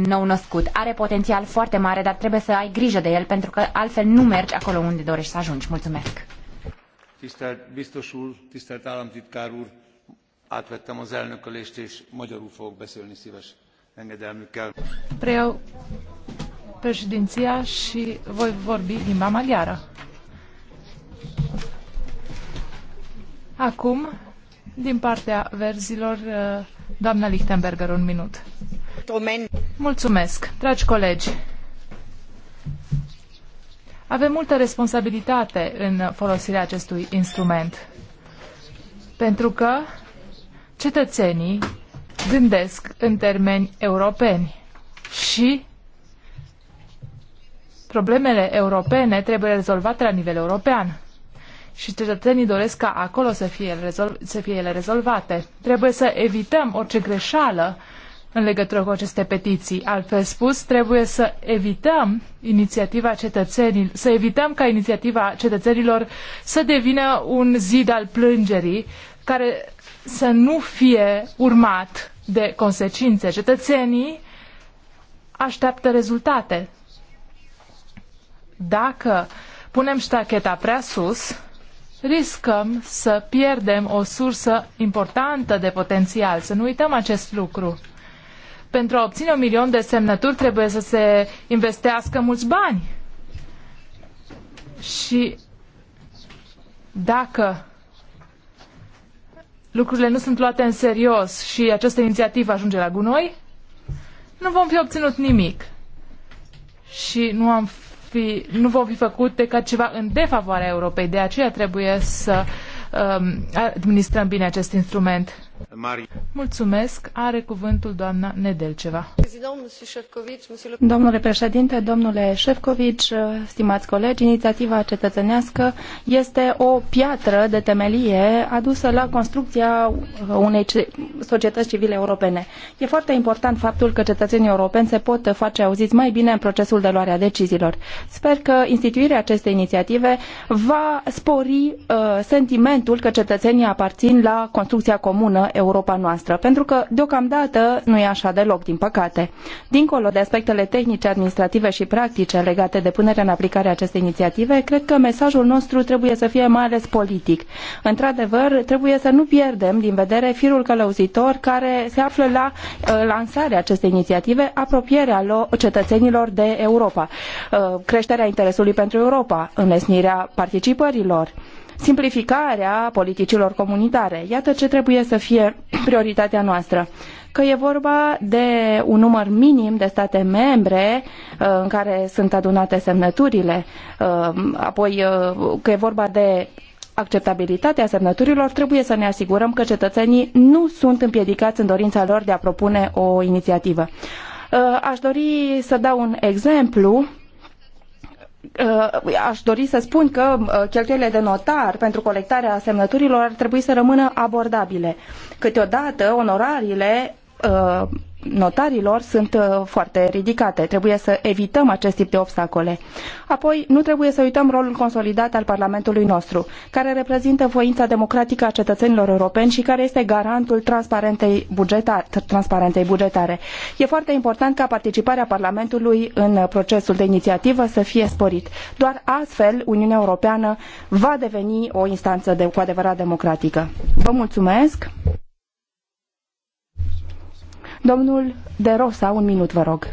nou născut. Are potențial foarte mare, dar trebuie să ai grijă de el, pentru că altfel nu mergi acolo unde dorești să ajungi. Mulțumesc! Tisztelt biztos tisztelt államtitkár úr, átvettem az elnökölést, és magyarul fogok beszélni szíves engedelmükkel. Preiau președinția și voi vorbi limba maghiară. Acum, din partea verzilor, uh, doamna Lichtenberger, un minut. Mulțumesc, dragi colegi. Avem multă responsabilitate în folosirea acestui instrument, pentru că cetățenii gândesc în termeni europeni și problemele europene trebuie rezolvate la nivel european și cetățenii doresc ca acolo să fie, rezolv- să fie ele rezolvate. Trebuie să evităm orice greșeală în legătură cu aceste petiții. Altfel spus, trebuie să evităm inițiativa cetățenilor, să evităm ca inițiativa cetățenilor să devină un zid al plângerii care să nu fie urmat de consecințe. Cetățenii așteaptă rezultate. Dacă punem ștacheta prea sus, riscăm să pierdem o sursă importantă de potențial. Să nu uităm acest lucru. Pentru a obține un milion de semnături trebuie să se investească mulți bani. Și dacă lucrurile nu sunt luate în serios și această inițiativă ajunge la gunoi, nu vom fi obținut nimic. Și nu am fi, nu vor fi făcute ca ceva în defavoarea Europei. De aceea trebuie să um, administrăm bine acest instrument. Mulțumesc. Are cuvântul doamna Nedelceva. Domnule președinte, domnule Șefcovici, stimați colegi, inițiativa cetățenească este o piatră de temelie adusă la construcția unei societăți civile europene. E foarte important faptul că cetățenii europeni se pot face auziți mai bine în procesul de luare a deciziilor. Sper că instituirea acestei inițiative va spori uh, sentimentul că cetățenii aparțin la construcția comună Europa noastră, pentru că deocamdată nu e așa deloc, din păcate. Dincolo de aspectele tehnice, administrative și practice legate de punerea în aplicare a acestei inițiative, cred că mesajul nostru trebuie să fie mai ales politic. Într-adevăr, trebuie să nu pierdem din vedere firul călăuzitor care se află la uh, lansarea acestei inițiative, apropierea cetățenilor de Europa, uh, creșterea interesului pentru Europa, înlesnirea participărilor simplificarea politicilor comunitare. Iată ce trebuie să fie <clears throat> prioritatea noastră că e vorba de un număr minim de state membre uh, în care sunt adunate semnăturile, uh, apoi uh, că e vorba de acceptabilitatea semnăturilor, trebuie să ne asigurăm că cetățenii nu sunt împiedicați în dorința lor de a propune o inițiativă. Aș dori să dau un exemplu Uh, aș dori să spun că uh, cheltuielile de notar pentru colectarea semnăturilor ar trebui să rămână abordabile. Câteodată, onorariile uh, notarilor sunt uh, foarte ridicate. Trebuie să evităm acest tip de obstacole. Apoi, nu trebuie să uităm rolul consolidat al Parlamentului nostru, care reprezintă voința democratică a cetățenilor europeni și care este garantul transparentei, transparentei bugetare. E foarte important ca participarea Parlamentului în uh, procesul de inițiativă să fie sporit. Doar astfel, Uniunea Europeană va deveni o instanță de, cu adevărat democratică. Vă mulțumesc! Domnul De Rosa, un minut, vă rog.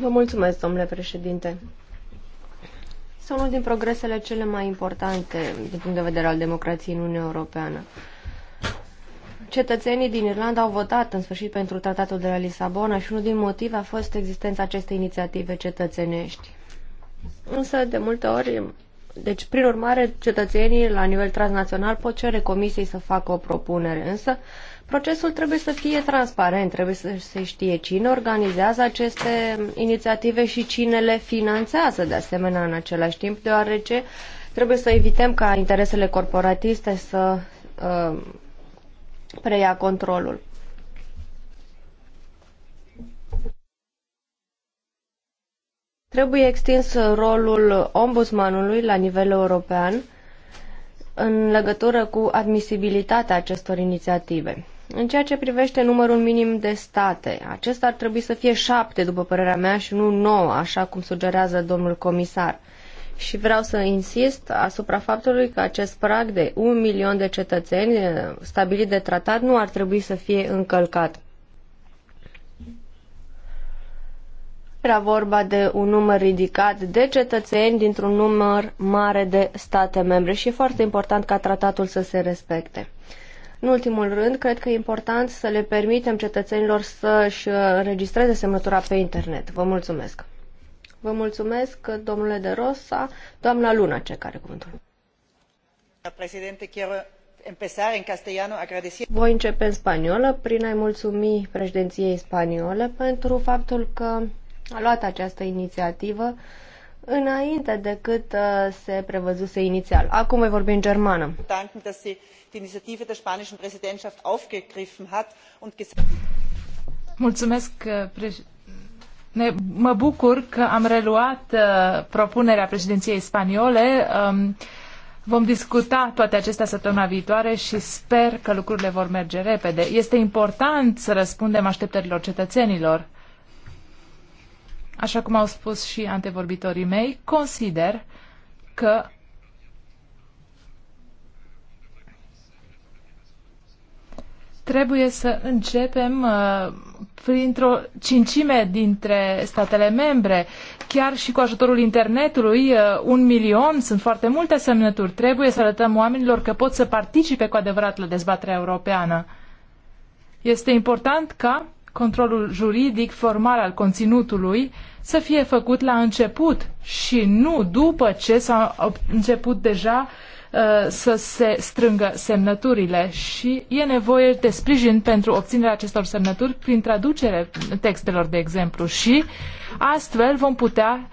Vă mulțumesc, domnule președinte. Este unul din progresele cele mai importante din punct de vedere al democrației în Uniunea Europeană. Cetățenii din Irlanda au votat în sfârșit pentru tratatul de la Lisabona și unul din motive a fost existența acestei inițiative cetățenești. Însă, de multe ori, deci, prin urmare, cetățenii la nivel transnațional pot cere comisiei să facă o propunere, însă Procesul trebuie să fie transparent, trebuie să se știe cine organizează aceste inițiative și cine le finanțează de asemenea în același timp, deoarece trebuie să evităm ca interesele corporatiste să uh, preia controlul. Trebuie extins rolul ombudsmanului la nivel european în legătură cu admisibilitatea acestor inițiative. În ceea ce privește numărul minim de state, acesta ar trebui să fie șapte, după părerea mea, și nu nouă, așa cum sugerează domnul comisar. Și vreau să insist asupra faptului că acest prag de un milion de cetățeni eh, stabilit de tratat nu ar trebui să fie încălcat. Era vorba de un număr ridicat de cetățeni dintr-un număr mare de state membre și e foarte important ca tratatul să se respecte. În ultimul rând, cred că e important să le permitem cetățenilor să-și uh, înregistreze semnătura pe internet. Vă mulțumesc! Vă mulțumesc, domnule de Rosa, doamna Luna, ce care cuvântul. voi începe în spaniolă prin a-i mulțumi președinției spaniole pentru faptul că a luat această inițiativă uh, înainte decât uh, se prevăzuse inițial. Acum voi vorbi în germană. Mulțumesc, președinte. Ne, mă bucur că am reluat uh, propunerea președinției spaniole. Um, vom discuta toate acestea săptămâna viitoare și sper că lucrurile vor merge repede. Este important să răspundem așteptărilor cetățenilor. Așa cum au spus și antevorbitorii mei, consider că trebuie să începem uh, printr-o cincime dintre statele membre. Chiar și cu ajutorul internetului, uh, un milion, sunt foarte multe semnături. Trebuie să arătăm oamenilor că pot să participe cu adevărat la dezbaterea europeană. Este important ca controlul juridic formal al conținutului să fie făcut la început și nu după ce s-a început deja uh, să se strângă semnăturile și e nevoie de sprijin pentru obținerea acestor semnături prin traducere textelor, de exemplu, și astfel vom putea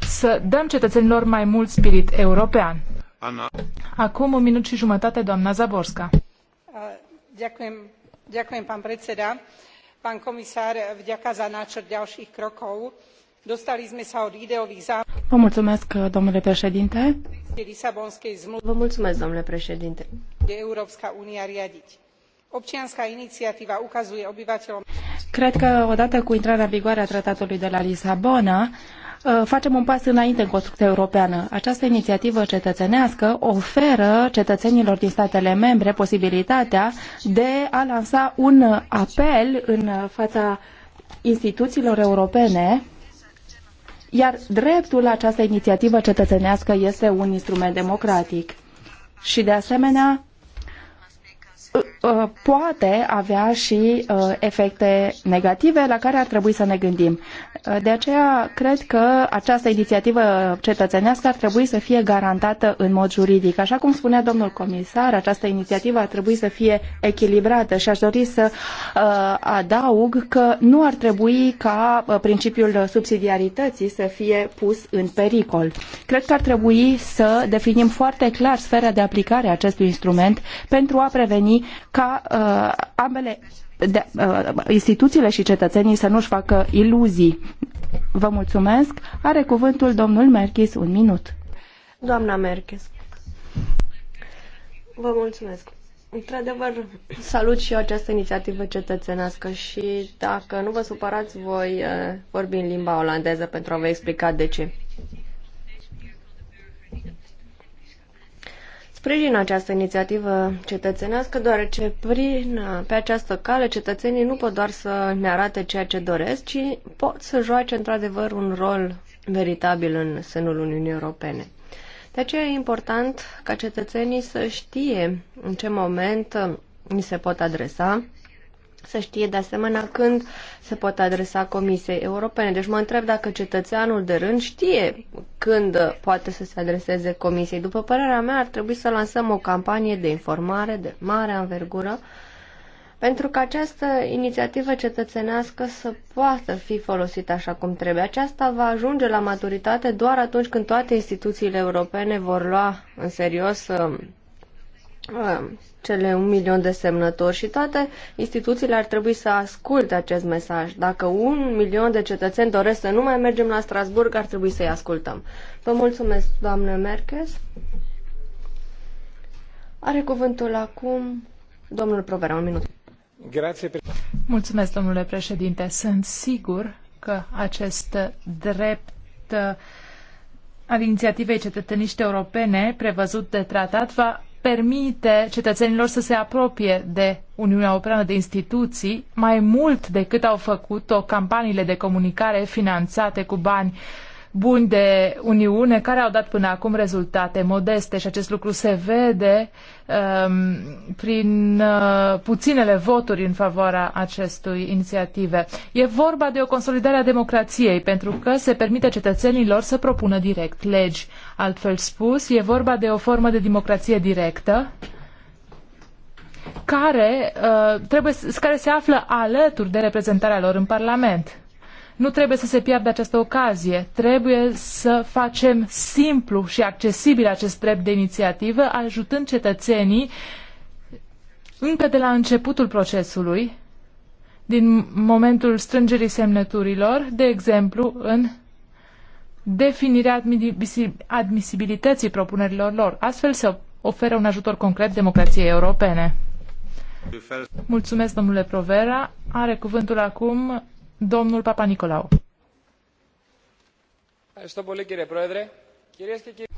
să dăm cetățenilor mai mult spirit european. Ana. Acum un minut și jumătate, doamna Zaborska. Uh, ďakujem pán predseda pán komisár vďaka za načrt ďalších krokov dostali sme sa od ideových zámerov lisabonskej zmluvy kde európska únia riadiť. občianska iniciatíva ukazuje obyvateľom. cred că odată cu intrarea în vigoare a tratatului de la lisabona Uh, facem un pas înainte în construcția europeană. Această inițiativă cetățenească oferă cetățenilor din statele membre posibilitatea de a lansa un apel în fața instituțiilor europene iar dreptul la această inițiativă cetățenească este un instrument democratic. Și de asemenea, Uh, uh, poate avea și uh, efecte negative la care ar trebui să ne gândim. De aceea, cred că această inițiativă cetățenească ar trebui să fie garantată în mod juridic. Așa cum spunea domnul comisar, această inițiativă ar trebui să fie echilibrată și aș dori să adaug că nu ar trebui ca principiul subsidiarității să fie pus în pericol. Cred că ar trebui să definim foarte clar sfera de aplicare a acestui instrument pentru a preveni ca uh, ambele de, uh, instituțiile și cetățenii să nu-și facă iluzii. Vă mulțumesc. Are cuvântul domnul Merchis un minut. Doamna Merchis, vă mulțumesc. Într-adevăr, salut și eu această inițiativă cetățenească și dacă nu vă supărați, voi uh, vorbi în limba olandeză pentru a vă explica de ce. Sprijin această inițiativă cetățenească, deoarece prin, pe această cale cetățenii nu pot doar să ne arate ceea ce doresc, ci pot să joace într-adevăr un rol veritabil în sânul Uniunii Europene. De aceea e important ca cetățenii să știe în ce moment ni se pot adresa, să știe de asemenea când se pot adresa Comisiei Europene. Deci mă întreb dacă cetățeanul de rând știe când poate să se adreseze Comisiei. După părerea mea, ar trebui să lansăm o campanie de informare de mare anvergură pentru că această inițiativă cetățenească să poată fi folosită așa cum trebuie. Aceasta va ajunge la maturitate doar atunci când toate instituțiile europene vor lua în serios uh, uh, cele un milion de semnători și toate instituțiile ar trebui să asculte acest mesaj. Dacă un milion de cetățeni doresc să nu mai mergem la Strasburg, ar trebui să-i ascultăm. Vă mulțumesc, doamnă Merkes. Are cuvântul acum domnul Provera, un minut. Grazie. Mulțumesc, domnule președinte. Sunt sigur că acest drept al inițiativei cetățeniști europene prevăzut de tratat va permite cetățenilor să se apropie de Uniunea Europeană, de instituții, mai mult decât au făcut-o campaniile de comunicare finanțate cu bani buni de Uniune, care au dat până acum rezultate modeste și acest lucru se vede um, prin uh, puținele voturi în favoarea acestui inițiative. E vorba de o consolidare a democrației, pentru că se permite cetățenilor să propună direct legi altfel spus. E vorba de o formă de democrație directă care, uh, trebuie, care se află alături de reprezentarea lor în Parlament. Nu trebuie să se piardă această ocazie. Trebuie să facem simplu și accesibil acest drept de inițiativă, ajutând cetățenii încă de la începutul procesului, din momentul strângerii semnăturilor, de exemplu, în definirea admisibilității propunerilor lor. Astfel se oferă un ajutor concret democrației europene. Mulțumesc, domnule Provera. Are cuvântul acum domnul Papa Nicolau.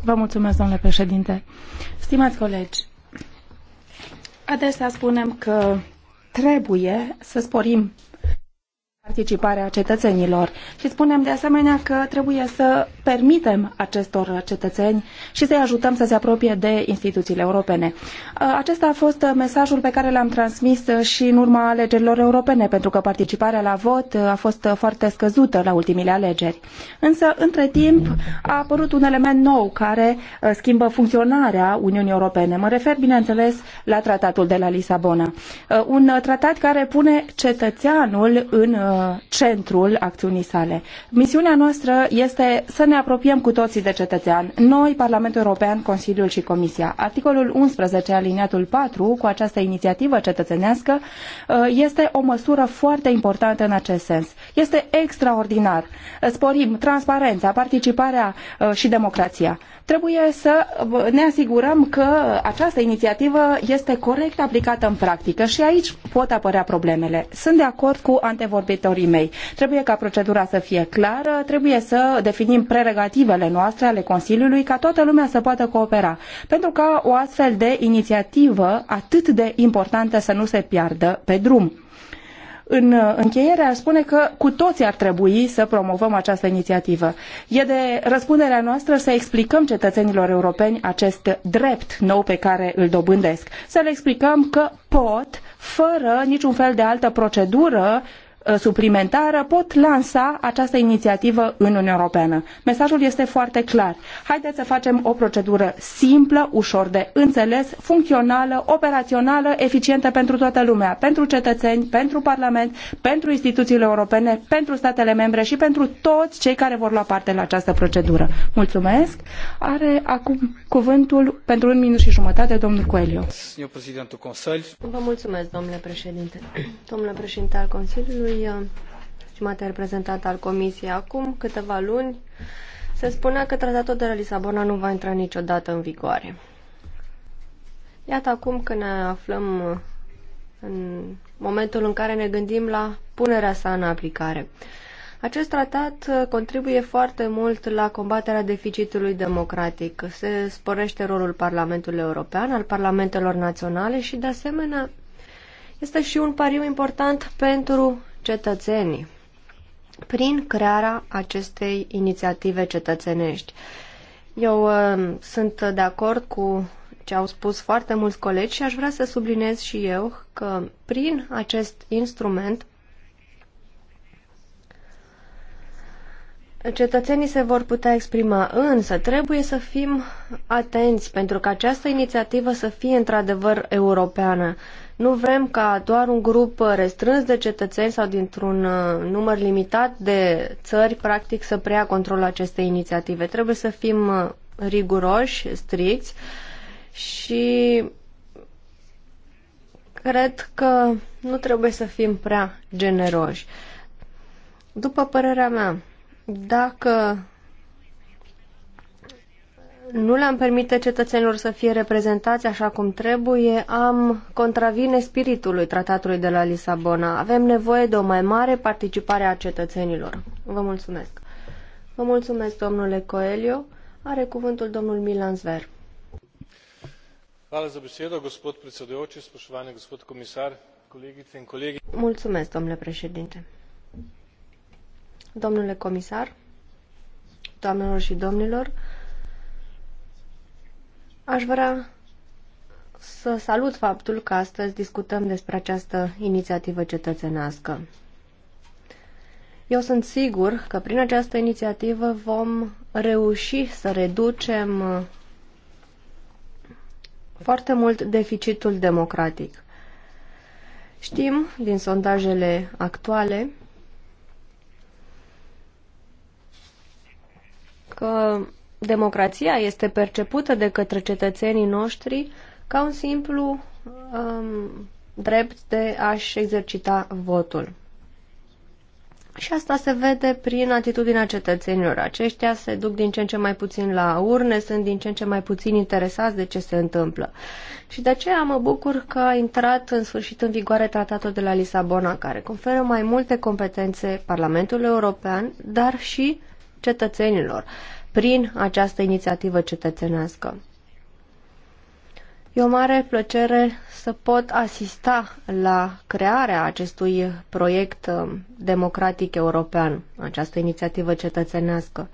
Vă mulțumesc, domnule președinte. Stimați colegi, adesea spunem că trebuie să sporim participare a cetățenilor și spunem de asemenea că trebuie să permitem acestor cetățeni și să-i ajutăm să se apropie de instituțiile europene. Acesta a fost mesajul pe care l-am transmis și în urma alegerilor europene, pentru că participarea la vot a fost foarte scăzută la ultimile alegeri. Însă, între timp, a apărut un element nou care schimbă funcționarea Uniunii Europene. Mă refer, bineînțeles, la tratatul de la Lisabona. Un tratat care pune cetățeanul în Uh, centrul acțiunii sale. Misiunea noastră este să ne apropiem cu toții de cetățean. Noi, Parlamentul European, Consiliul și Comisia. Articolul 11, aliniatul 4, cu această inițiativă cetățenească, uh, este o măsură foarte importantă în acest sens. Este extraordinar. Sporim transparența, participarea uh, și democrația. Trebuie să ne asigurăm că această inițiativă este corect aplicată în practică și aici pot apărea problemele. Sunt de acord cu antevorbitorii mei. Trebuie ca procedura să fie clară, trebuie să definim prerogativele noastre ale Consiliului ca toată lumea să poată coopera, pentru ca o astfel de inițiativă atât de importantă să nu se piardă pe drum în uh, încheiere aș spune că cu toții ar trebui să promovăm această inițiativă. E de răspunderea noastră să explicăm cetățenilor europeni acest drept nou pe care îl dobândesc. Să le explicăm că pot, fără niciun fel de altă procedură, Uh, suplimentară pot lansa această inițiativă în Uniunea Europeană. Mesajul este foarte clar. Haideți să facem o procedură simplă, ușor de înțeles, funcțională, operațională, eficientă pentru toată lumea, pentru cetățeni, pentru Parlament, pentru instituțiile europene, pentru statele membre și pentru toți cei care vor lua parte la această procedură. Mulțumesc. Are acum cuvântul pentru un minut și jumătate domnul Coelho. Vă mulțumesc, domnule președinte. Domnule președinte al Consiliului, și stimate uh, reprezentant al Comisiei, acum câteva luni se spunea că tratatul de la Lisabona nu va intra niciodată în vigoare. Iată acum că ne aflăm uh, în momentul în care ne gândim la punerea sa în aplicare. Acest tratat uh, contribuie foarte mult la combaterea deficitului democratic. Se sporește rolul Parlamentului European, al Parlamentelor Naționale și, de asemenea, este și un pariu important pentru cetățenii prin crearea acestei inițiative cetățenești. Eu uh, sunt de acord cu ce au spus foarte mulți colegi și aș vrea să subliniez și eu că prin acest instrument Cetățenii se vor putea exprima, însă trebuie să fim atenți pentru că această inițiativă să fie într-adevăr europeană. Nu vrem ca doar un grup restrâns de cetățeni sau dintr-un uh, număr limitat de țări, practic, să preia controlul acestei inițiative. Trebuie să fim uh, riguroși, stricți și cred că nu trebuie să fim prea generoși. După părerea mea, dacă nu le-am permite cetățenilor să fie reprezentați așa cum trebuie, am contravine spiritului tratatului de la Lisabona. Avem nevoie de o mai mare participare a cetățenilor. Vă mulțumesc. Vă mulțumesc, domnule Coelio. Are cuvântul domnul Milan Zver. Mulțumesc, domnule președinte. Domnule comisar, doamnelor și domnilor, Aș vrea să salut faptul că astăzi discutăm despre această inițiativă cetățenească. Eu sunt sigur că prin această inițiativă vom reuși să reducem foarte mult deficitul democratic. Știm din sondajele actuale că democrația este percepută de către cetățenii noștri ca un simplu um, drept de a-și exercita votul. Și asta se vede prin atitudinea cetățenilor. Aceștia se duc din ce în ce mai puțin la urne, sunt din ce în ce mai puțin interesați de ce se întâmplă. Și de aceea mă bucur că a intrat în sfârșit în vigoare tratatul de la Lisabona, care conferă mai multe competențe Parlamentului European, dar și cetățenilor. Uh, prin această inițiativă cetățenească. E o mare plăcere să pot asista la crearea acestui proiect uh, democratic european, această inițiativă cetățenească.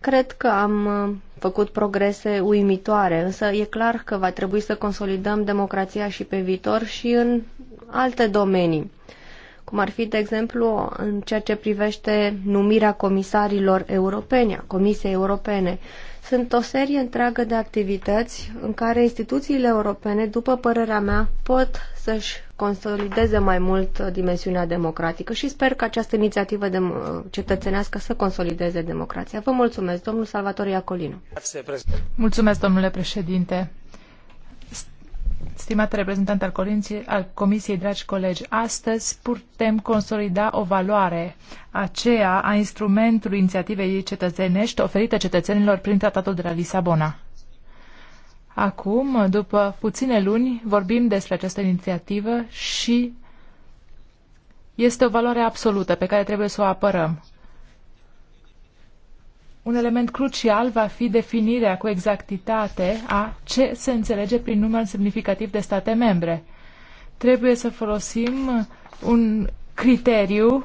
Cred că am uh, făcut progrese uimitoare, însă e clar că va trebui să consolidăm democrația și pe viitor și în alte domenii cum ar fi, de exemplu, în ceea ce privește numirea comisarilor europeni, a Comisiei Europene. Sunt o serie întreagă de activități în care instituțiile europene, după părerea mea, pot să-și consolideze mai mult dimensiunea democratică și sper că această inițiativă de cetățenească să consolideze democrația. Vă mulțumesc, domnul Salvatore Iacolino. Mulțumesc, domnule președinte. Stimate reprezentant al, Comisiei, al Comisiei, dragi colegi, astăzi putem consolida o valoare aceea a instrumentului inițiativei cetățenești oferită cetățenilor prin Tratatul de la Lisabona. Acum, după puține luni, vorbim despre această inițiativă și este o valoare absolută pe care trebuie să o apărăm un element crucial va fi definirea cu exactitate a ce se înțelege prin număr semnificativ de state membre. Trebuie să folosim un criteriu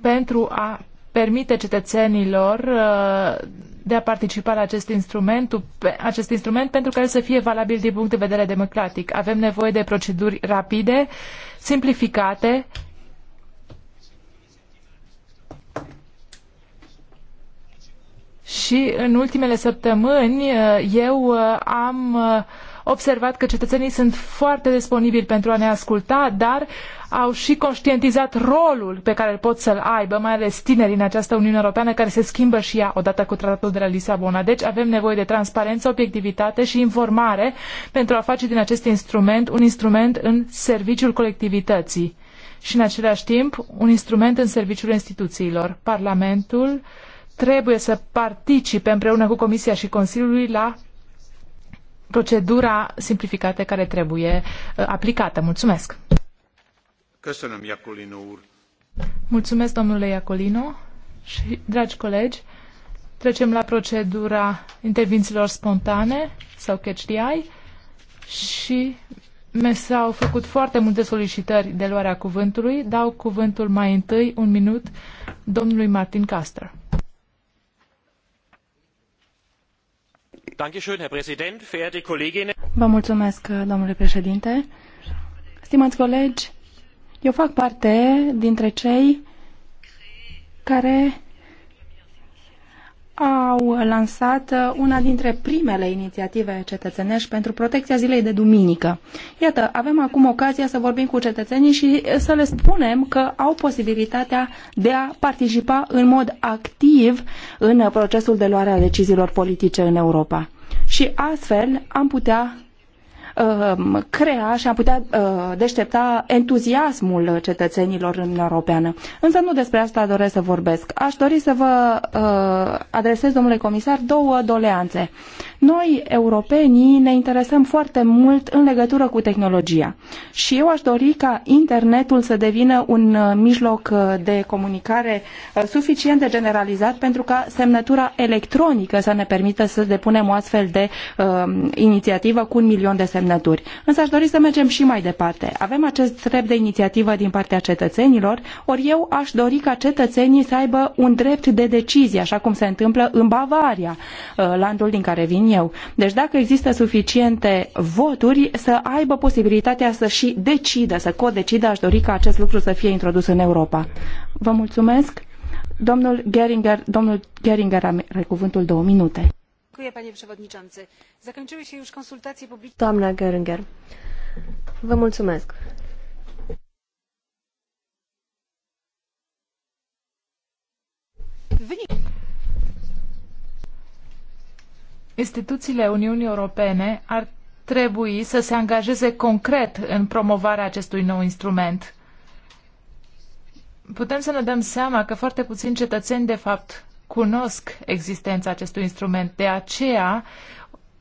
pentru a permite cetățenilor uh, de a participa la acest instrument, acest instrument pentru care să fie valabil din punct de vedere democratic. Avem nevoie de proceduri rapide, simplificate Și în ultimele săptămâni uh, eu uh, am uh, observat că cetățenii sunt foarte disponibili pentru a ne asculta, dar au și conștientizat rolul pe care îl pot să-l aibă, mai ales tinerii în această Uniune Europeană care se schimbă și ea odată cu tratatul de la Lisabona. Deci avem nevoie de transparență, obiectivitate și informare pentru a face din acest instrument un instrument în serviciul colectivității și în același timp un instrument în serviciul instituțiilor. Parlamentul, uh, trebuie să participe împreună cu Comisia și Consiliul la procedura simplificată care trebuie uh, aplicată. Mulțumesc! Căsănăm, Iacolino Ur. Mulțumesc, domnule Iacolino și dragi colegi. Trecem la procedura intervințiilor spontane sau catch the eye și mi s-au făcut foarte multe solicitări de luarea cuvântului. Dau cuvântul mai întâi, un minut, domnului Martin Caster. Vă mulțumesc, domnule președinte. Stimați colegi, eu fac parte dintre cei care au lansat uh, una dintre primele inițiative cetățenești pentru protecția zilei de duminică. Iată, avem acum ocazia să vorbim cu cetățenii și uh, să le spunem că au posibilitatea de a participa în mod activ în procesul de luare a deciziilor politice în Europa. Și astfel am putea Uh, crea și am putea uh, deștepta entuziasmul cetățenilor în Uniunea Europeană. Însă nu despre asta doresc să vorbesc. Aș dori să vă uh, adresez, domnule comisar, două doleanțe. Noi, europenii, ne interesăm foarte mult în legătură cu tehnologia și eu aș dori ca internetul să devină un mijloc de comunicare suficient de generalizat pentru ca semnătura electronică să ne permită să depunem o astfel de uh, inițiativă cu un milion de semnături semnături. Însă aș dori să mergem și mai departe. Avem acest drept de inițiativă din partea cetățenilor, ori eu aș dori ca cetățenii să aibă un drept de decizie, așa cum se întâmplă în Bavaria, uh, landul din care vin eu. Deci dacă există suficiente voturi, să aibă posibilitatea să și decidă, să codecidă, aș dori ca acest lucru să fie introdus în Europa. Vă mulțumesc. Domnul Geringer, domnul Geringer are cuvântul două minute panie przewodniczący! zakończyły się już konsultacje publiczne. vă mulțumesc. Instituțiile Uniunii Europene ar trebui să se angajeze concret în promovarea acestui nou instrument. Putem să ne dăm seama că foarte puțini cetățeni, de fapt, cunosc existența acestui instrument. De aceea,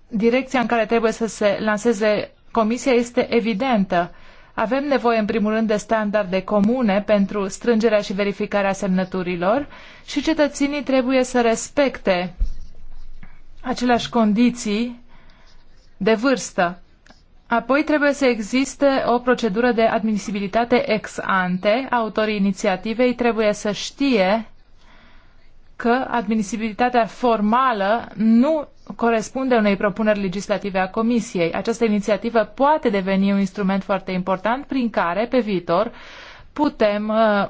direcția în care trebuie să se lanseze Comisia este evidentă. Avem nevoie, în primul rând, de standarde comune pentru strângerea și verificarea semnăturilor și cetățenii trebuie să respecte aceleași condiții de vârstă. Apoi trebuie să existe o procedură de admisibilitate ex ante. Autorii inițiativei trebuie să știe că admisibilitatea formală nu corespunde unei propuneri legislative a Comisiei. Această inițiativă poate deveni un instrument foarte important prin care, pe viitor, putem uh,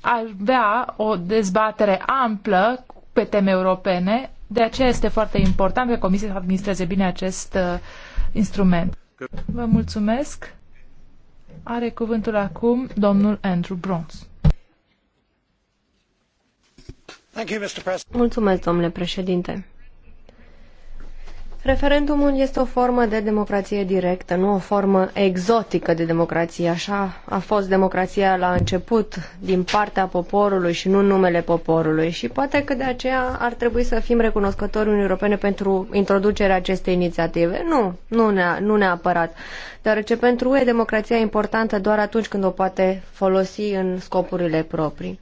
avea o dezbatere amplă pe teme europene. De aceea este foarte important că Comisia să administreze bine acest uh, instrument. Vă mulțumesc. Are cuvântul acum domnul Andrew Brons. Mulțumesc, domnule președinte. Referendumul este o formă de democrație directă, nu o formă exotică de democrație. Așa a fost democrația la început, din partea poporului și nu numele poporului. Și poate că de aceea ar trebui să fim recunoscători Uniunii Europene pentru introducerea acestei inițiative. Nu, nu, ne nu neapărat. Deoarece pentru UE democrația e importantă doar atunci când o poate folosi în scopurile proprii.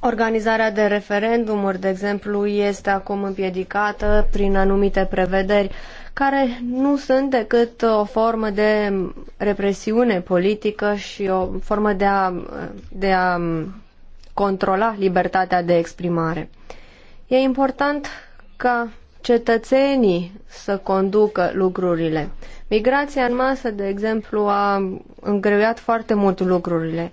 Organizarea de referendumuri, de exemplu, este acum împiedicată prin anumite prevederi care nu sunt decât o formă de represiune politică și o formă de a, de a controla libertatea de exprimare. E important ca cetățenii să conducă lucrurile. Migrația în masă, de exemplu, a îngreuiat foarte mult lucrurile.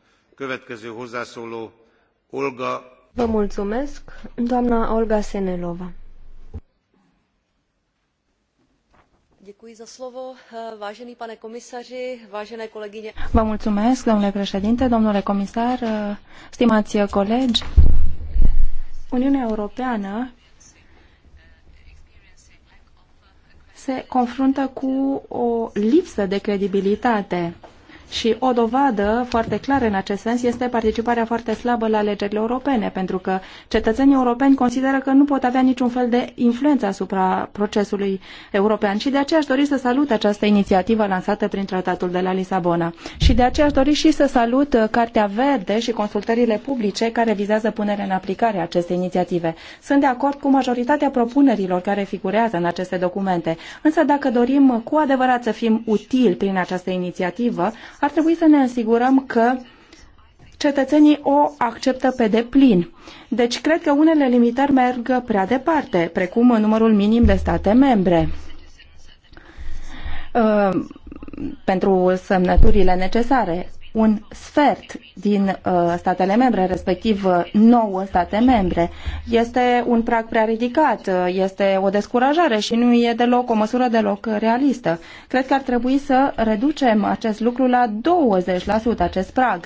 Következő hozzászóló Olga. Vă mulțumesc, doamna Olga Senelova. Vă mulțumesc, domnule președinte, domnule comisar, stimați colegi. Uniunea Europeană se confruntă cu o lipsă de credibilitate și o dovadă foarte clară în acest sens este participarea foarte slabă la alegerile europene, pentru că cetățenii europeni consideră că nu pot avea niciun fel de influență asupra procesului european și de aceea aș dori să salut această inițiativă lansată prin tratatul de la Lisabona. Și de aceea aș dori și să salut uh, Cartea Verde și consultările publice care vizează punerea în aplicare a acestei inițiative. Sunt de acord cu majoritatea propunerilor care figurează în aceste documente, însă dacă dorim uh, cu adevărat să fim utili prin această inițiativă, ar trebui să ne asigurăm că cetățenii o acceptă pe deplin. Deci cred că unele limitări merg prea departe, precum numărul minim de state membre. Uh, pentru semnăturile necesare un sfert din uh, statele membre, respectiv uh, nouă state membre. Este un prag prea ridicat, uh, este o descurajare și nu e deloc o măsură deloc realistă. Cred că ar trebui să reducem acest lucru la 20% acest prag,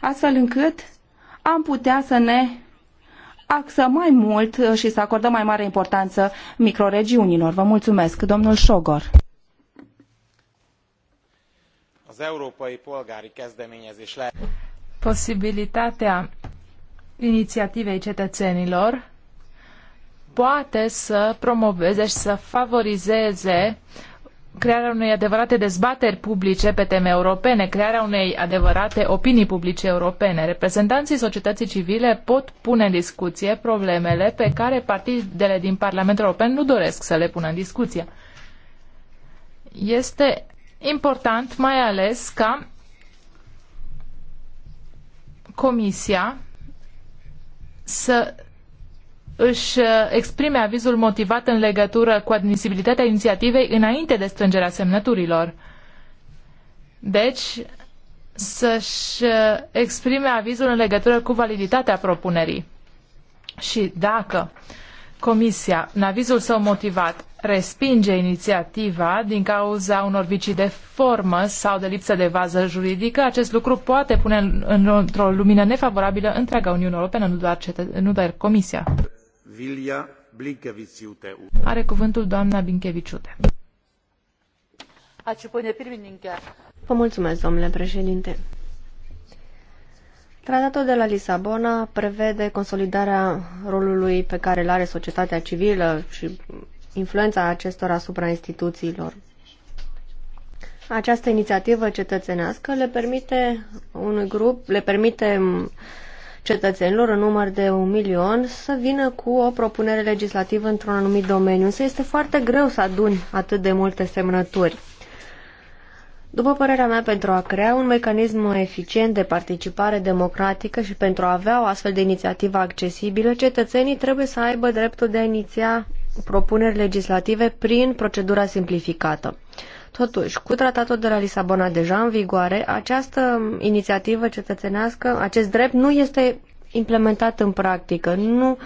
astfel încât am putea să ne axăm mai mult uh, și să acordăm mai mare importanță microregiunilor. Vă mulțumesc, domnul Șogor az európai polgári kezdeményezés lehet. Posibilitatea inițiativei cetățenilor poate să promoveze și să favorizeze crearea unei adevărate dezbateri publice pe teme europene, crearea unei adevărate opinii publice europene. Reprezentanții societății civile pot pune în discuție problemele pe care partidele din Parlamentul European nu doresc să le pună în discuție. Este important mai ales ca Comisia să își uh, exprime avizul motivat în legătură cu admisibilitatea inițiativei înainte de strângerea semnăturilor. Deci, să-și uh, exprime avizul în legătură cu validitatea propunerii. Și dacă Comisia, în avizul său motivat, respinge inițiativa din cauza unor vicii de formă sau de lipsă de vază juridică, acest lucru poate pune în, în, într-o lumină nefavorabilă întreaga Uniune Europeană, nu doar, cetă, nu doar Comisia. Are cuvântul doamna Binkeviciute. Vă mulțumesc, domnule președinte. Tratatul de la Lisabona prevede consolidarea rolului pe care îl are societatea civilă și influența acestora asupra instituțiilor. Această inițiativă cetățenească le permite unui grup, le permite cetățenilor în număr de un milion să vină cu o propunere legislativă într-un anumit domeniu, însă este foarte greu să aduni atât de multe semnături. După părerea mea, pentru a crea un mecanism eficient de participare democratică și pentru a avea o astfel de inițiativă accesibilă, cetățenii trebuie să aibă dreptul de a iniția propuneri legislative prin procedura simplificată. Totuși, cu tratatul de la Lisabona deja în vigoare, această inițiativă cetățenească, acest drept nu este implementat în practică. Nu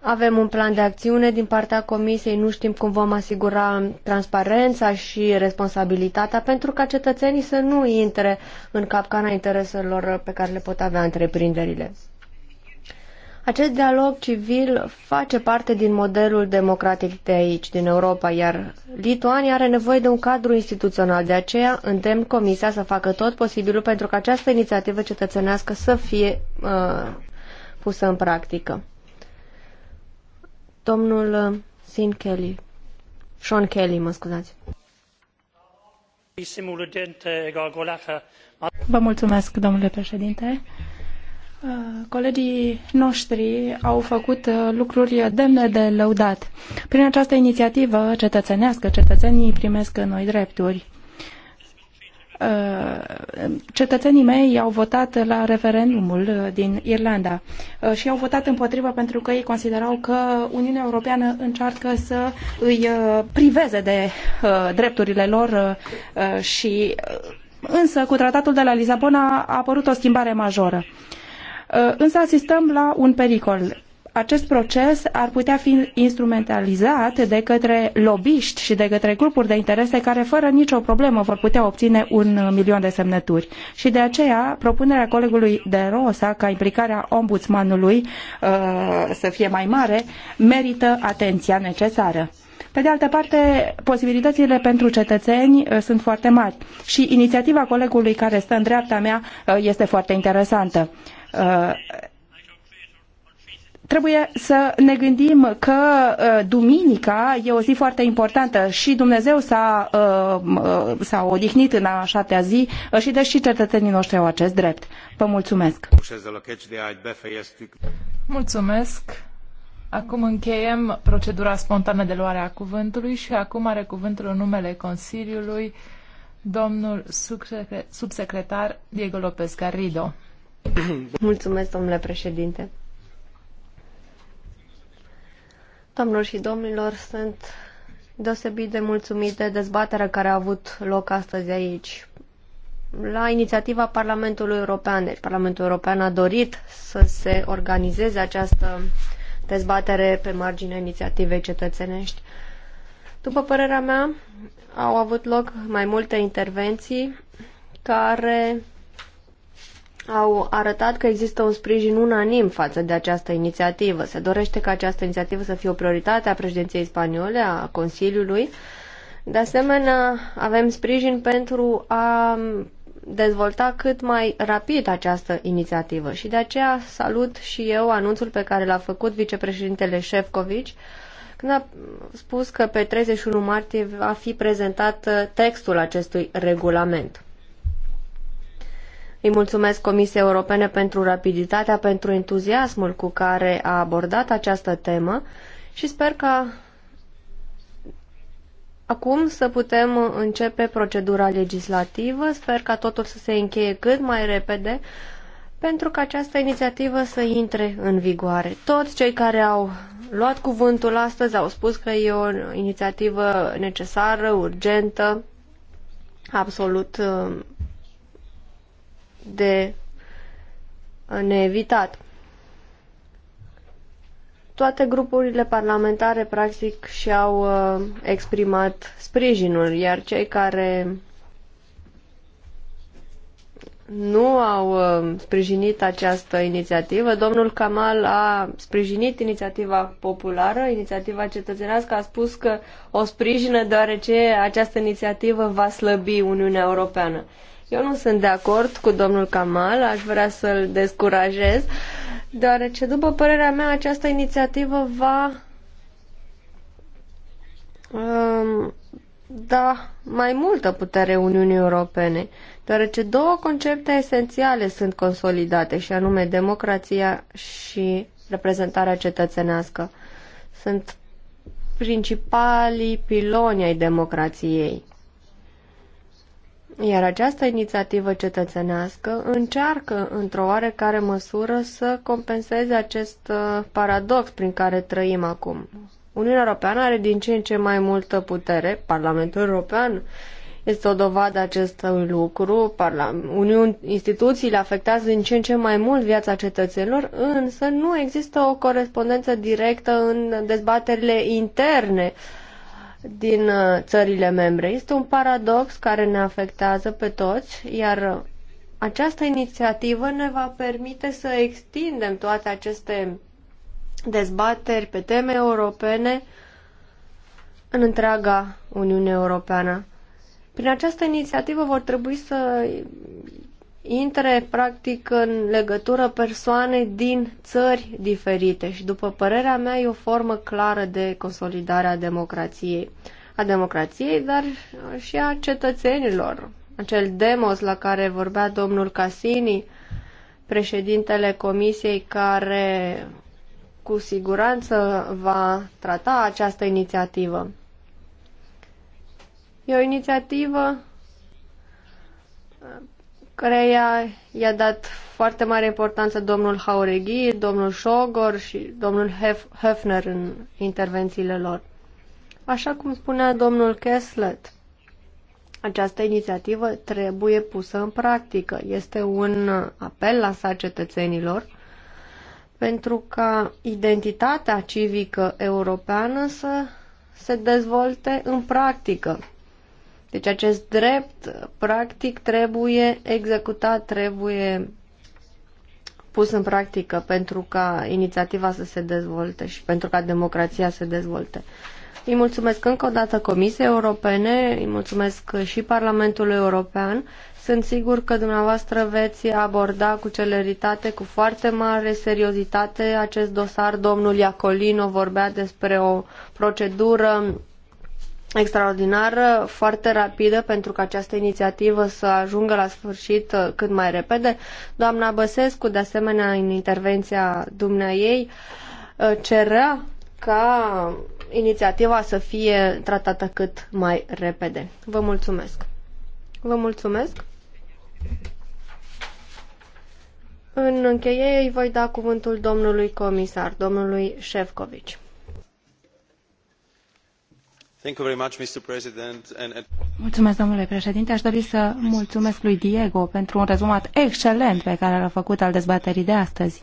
avem un plan de acțiune din partea Comisiei, nu știm cum vom asigura transparența și responsabilitatea pentru ca cetățenii să nu intre în capcana intereselor pe care le pot avea întreprinderile. Acest dialog civil face parte din modelul democratic de aici, din Europa, iar Lituania are nevoie de un cadru instituțional. De aceea îndemn Comisia să facă tot posibilul pentru ca această inițiativă cetățenească să fie uh, pusă în practică. Domnul uh, Sin Kelly, Sean Kelly, mă scuzați. Vă mulțumesc, domnule președinte. Uh, colegii noștri au făcut uh, lucruri demne de lăudat. Prin această inițiativă cetățenească, cetățenii primesc noi drepturi. Uh, cetățenii mei au votat la referendumul din Irlanda și au votat împotriva pentru că ei considerau că Uniunea Europeană încearcă să îi priveze de drepturile lor și Însă, cu tratatul de la Lisabona a apărut o schimbare majoră. Uh, însă asistăm la un pericol. Acest proces ar putea fi instrumentalizat de către lobiști și de către grupuri de interese care fără nicio problemă vor putea obține un milion de semnături. Și de aceea propunerea colegului de Rosa ca implicarea ombudsmanului uh, să fie mai mare merită atenția necesară. Pe de altă parte, posibilitățile pentru cetățeni uh, sunt foarte mari și inițiativa colegului care stă în dreapta mea este foarte interesantă. Uh, trebuie să ne gândim că uh, duminica e o zi foarte importantă și Dumnezeu s-a, uh, s-a odihnit în așatea zi și deși deci cetățenii noștri au acest drept. Vă mulțumesc! Mulțumesc! Acum încheiem procedura spontană de luare a cuvântului și acum are cuvântul în numele Consiliului domnul subsecretar Diego López Garrido. <coughs> Mulțumesc, domnule președinte. Domnilor și domnilor, sunt deosebit de mulțumit de dezbaterea care a avut loc astăzi aici. La inițiativa Parlamentului European, deci Parlamentul European a dorit să se organizeze această dezbatere pe marginea inițiativei cetățenești. După părerea mea, au avut loc mai multe intervenții care au arătat că există un sprijin unanim față de această inițiativă. Se dorește ca această inițiativă să fie o prioritate a președinției spaniole, a Consiliului. De asemenea, avem sprijin pentru a dezvolta cât mai rapid această inițiativă și de aceea salut și eu anunțul pe care l-a făcut vicepreședintele Șefcovici când a spus că pe 31 martie va fi prezentat uh, textul acestui regulament. Îi mulțumesc Comisiei Europene pentru rapiditatea, pentru entuziasmul cu care a abordat această temă și sper că acum să putem începe procedura legislativă. Sper ca totul să se încheie cât mai repede pentru ca această inițiativă să intre în vigoare. Toți cei care au luat cuvântul astăzi au spus că e o inițiativă necesară, urgentă, absolut uh, de neevitat. Toate grupurile parlamentare, practic, și-au uh, exprimat sprijinul, iar cei care nu au uh, sprijinit această inițiativă. Domnul Kamal a sprijinit inițiativa populară, inițiativa cetățenească, a spus că o sprijină deoarece această inițiativă va slăbi Uniunea Europeană. Eu nu sunt de acord cu domnul Kamal, aș vrea să-l descurajez, deoarece, după părerea mea, această inițiativă va um, da mai multă putere Uniunii Europene, deoarece două concepte esențiale sunt consolidate, și anume democrația și reprezentarea cetățenească. Sunt principalii piloni ai democrației. Iar această inițiativă cetățenească încearcă într-o oarecare măsură să compenseze acest uh, paradox prin care trăim acum. Uniunea Europeană are din ce în ce mai multă putere, Parlamentul European este o dovadă acestui lucru, Uniun, instituțiile afectează din ce în ce mai mult viața cetățenilor, însă nu există o corespondență directă în dezbaterile interne uh, din uh, țările membre. Este un paradox care ne afectează pe toți, iar uh, această inițiativă ne va permite să extindem toate aceste dezbateri pe teme europene în întreaga Uniune Europeană. Prin această inițiativă vor trebui să intre practic în legătură persoane din țări diferite și după părerea mea e o formă clară de consolidare a democrației, a democrației, dar și a cetățenilor. Acel demos la care vorbea domnul Casini, președintele comisiei care cu siguranță va trata această inițiativă. E o inițiativă care i-a dat foarte mare importanță domnul Haureghi, domnul Șogor și domnul Hefner în intervențiile lor. Așa cum spunea domnul Kesslet, această inițiativă trebuie pusă în practică. Este un apel lansat cetățenilor pentru ca identitatea civică europeană să se dezvolte în practică deci acest drept, practic, trebuie executat, trebuie pus în practică pentru ca inițiativa să se dezvolte și pentru ca democrația să se dezvolte. Îi mulțumesc încă o dată Comisiei Europene, îi mulțumesc și Parlamentului European. Sunt sigur că dumneavoastră veți aborda cu celeritate, cu foarte mare seriozitate acest dosar. Domnul Iacolino vorbea despre o procedură extraordinară, foarte rapidă pentru ca această inițiativă să ajungă la sfârșit uh, cât mai repede. Doamna Băsescu, de asemenea, în intervenția dumneaei, uh, cerea ca inițiativa să fie tratată cât mai repede. Vă mulțumesc! Vă mulțumesc! În încheiere îi voi da cuvântul domnului comisar, domnului Șefcovici. Mulțumesc, domnule președinte. Aș dori să mulțumesc lui Diego pentru un rezumat excelent pe care l-a făcut al dezbaterii de astăzi.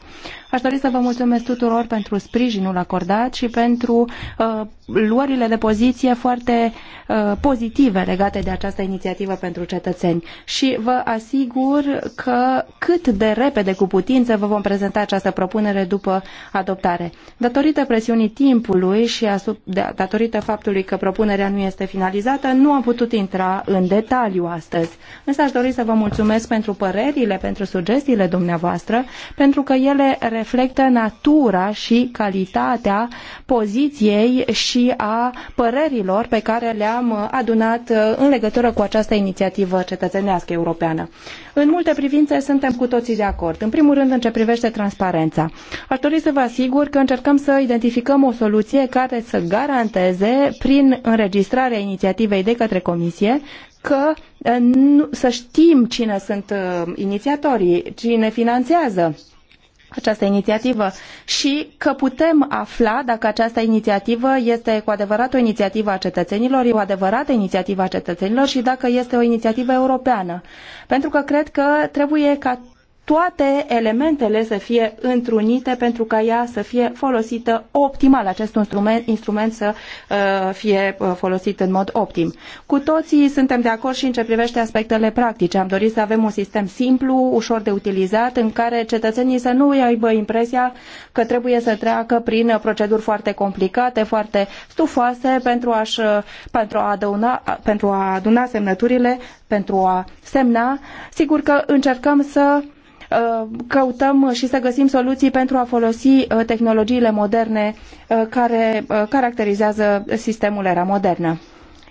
Aș dori să vă mulțumesc tuturor pentru sprijinul acordat și pentru uh, luările de poziție foarte uh, pozitive legate de această inițiativă pentru cetățeni. Și vă asigur că cât de repede cu putință vă vom prezenta această propunere după adoptare. Datorită presiunii timpului și datorită faptului că propunerea nu este finalizată, nu am putut intra în detaliu astăzi. Însă aș dori să vă mulțumesc pentru părerile, pentru sugestiile dumneavoastră, pentru că ele reflectă natura și calitatea poziției și a părerilor pe care le-am adunat uh, în legătură cu această inițiativă cetățenească europeană. În multe privințe suntem cu toții de acord. În primul rând, în ce privește transparența. Aș dori să vă asigur că încercăm să identificăm o soluție care să garanteze, prin înregistrarea inițiativei de către Comisie că să știm cine sunt inițiatorii, cine finanțează această inițiativă și că putem afla dacă această inițiativă este cu adevărat o inițiativă a cetățenilor, e o adevărată inițiativă a cetățenilor și dacă este o inițiativă europeană. Pentru că cred că trebuie ca toate elementele să fie întrunite pentru ca ea să fie folosită optimal, acest instrument, instrument să uh, fie uh, folosit în mod optim. Cu toții suntem de acord și în ce privește aspectele practice. Am dorit să avem un sistem simplu, ușor de utilizat, în care cetățenii să nu aibă impresia că trebuie să treacă prin proceduri foarte complicate, foarte stufoase pentru, a uh, pentru, a, aduna, pentru a aduna semnăturile, pentru a semna. Sigur că încercăm să Uh, căutăm și să găsim soluții pentru a folosi uh, tehnologiile moderne uh, care caracterizează sistemul era modernă.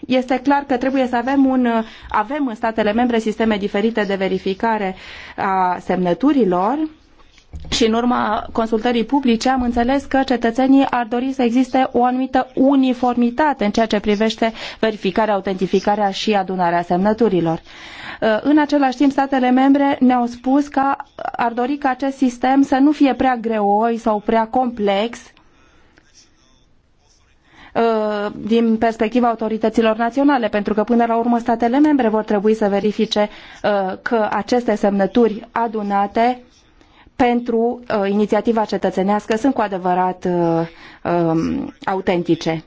Este clar că trebuie să avem, un, avem în statele membre sisteme diferite de verificare a semnăturilor, și în urma consultării publice am înțeles că cetățenii ar dori să existe o anumită uniformitate în ceea ce privește verificarea, autentificarea și adunarea semnăturilor. Uh, în același timp, statele membre ne-au spus că ar dori ca acest sistem să nu fie prea greoi sau prea complex uh, din perspectiva autorităților naționale, pentru că până la urmă statele membre vor trebui să verifice uh, că aceste semnături adunate pentru uh, inițiativa cetățenească sunt cu adevărat uh, uh, autentice.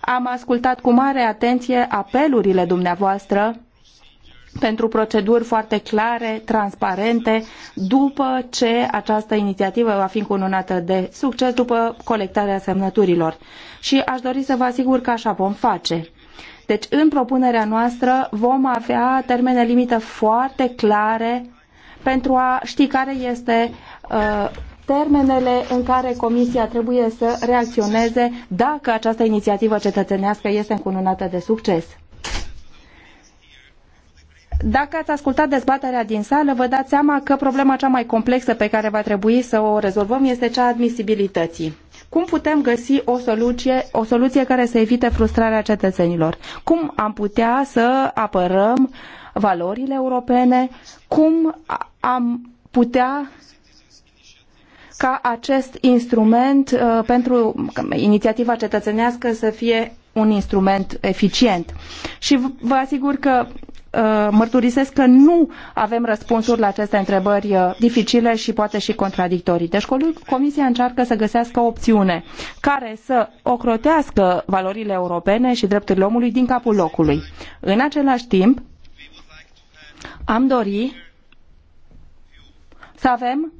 Am ascultat cu mare atenție apelurile dumneavoastră pentru proceduri foarte clare, transparente, după ce această inițiativă va fi încununată de succes, după colectarea semnăturilor. Și aș dori să vă asigur că așa vom face. Deci, în propunerea noastră vom avea termene limită foarte clare pentru a ști care este uh, termenele în care Comisia trebuie să reacționeze dacă această inițiativă cetățenească este încununată de succes. Dacă ați ascultat dezbaterea din sală, vă dați seama că problema cea mai complexă pe care va trebui să o rezolvăm este cea a admisibilității. Cum putem găsi o soluție, o soluție care să evite frustrarea cetățenilor? Cum am putea să apărăm valorile europene, cum am putea ca acest instrument uh, pentru inițiativa cetățenească să fie un instrument eficient. Și vă asigur că uh, mărturisesc că nu avem răspunsuri la aceste întrebări uh, dificile și poate și contradictorii. Deci Comisia încearcă să găsească o opțiune care să ocrotească valorile europene și drepturile omului din capul locului. În același timp, am dori să avem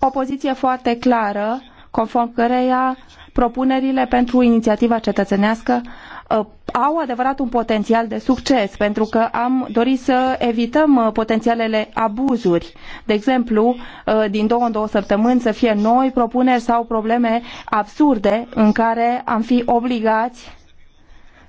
o poziție foarte clară, conform căreia propunerile pentru inițiativa cetățenească uh, au adevărat un potențial de succes, pentru că am dorit să evităm uh, potențialele abuzuri. De exemplu, uh, din două în două săptămâni să fie noi propuneri sau probleme absurde în care am fi obligați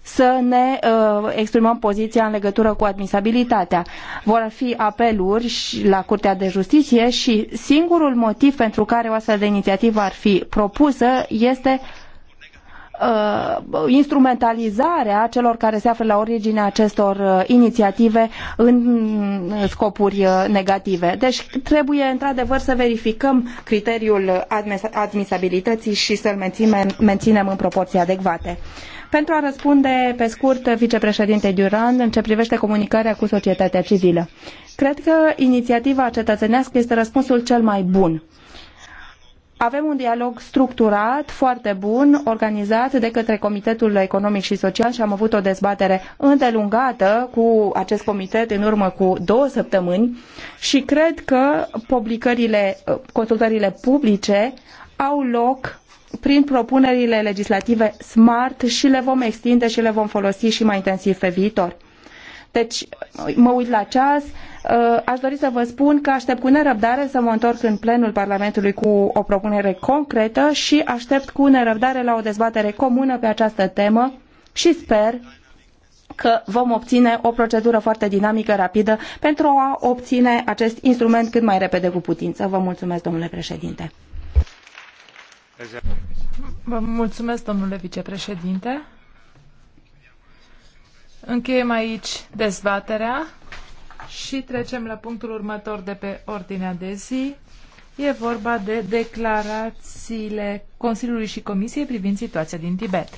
să ne uh, exprimăm poziția în legătură cu admisabilitatea. Vor fi apeluri la Curtea de Justiție și singurul motiv pentru care o astfel de inițiativă ar fi propusă este uh, instrumentalizarea celor care se află la originea acestor uh, inițiative în uh, scopuri uh, negative. Deci trebuie într-adevăr să verificăm criteriul admis admisabilității și să-l menținem, menținem în proporții adecvate. Pentru a răspunde pe scurt vicepreședinte Durand în ce privește comunicarea cu societatea civilă. Cred că inițiativa cetățenească este răspunsul cel mai bun. Avem un dialog structurat, foarte bun, organizat de către Comitetul Economic și Social și am avut o dezbatere îndelungată cu acest comitet în urmă cu două săptămâni și cred că publicările, consultările publice au loc prin propunerile legislative SMART și le vom extinde și le vom folosi și mai intensiv pe viitor. Deci, mă uit la ceas, uh, aș dori să vă spun că aștept cu nerăbdare să mă întorc în plenul Parlamentului cu o propunere concretă și aștept cu nerăbdare la o dezbatere comună pe această temă și sper că vom obține o procedură foarte dinamică, rapidă, pentru a obține acest instrument cât mai repede cu putință. Vă mulțumesc, domnule președinte. Vă mulțumesc, domnule vicepreședinte. Încheiem aici dezbaterea și trecem la punctul următor de pe ordinea de zi. E vorba de declarațiile Consiliului și Comisiei privind situația din Tibet.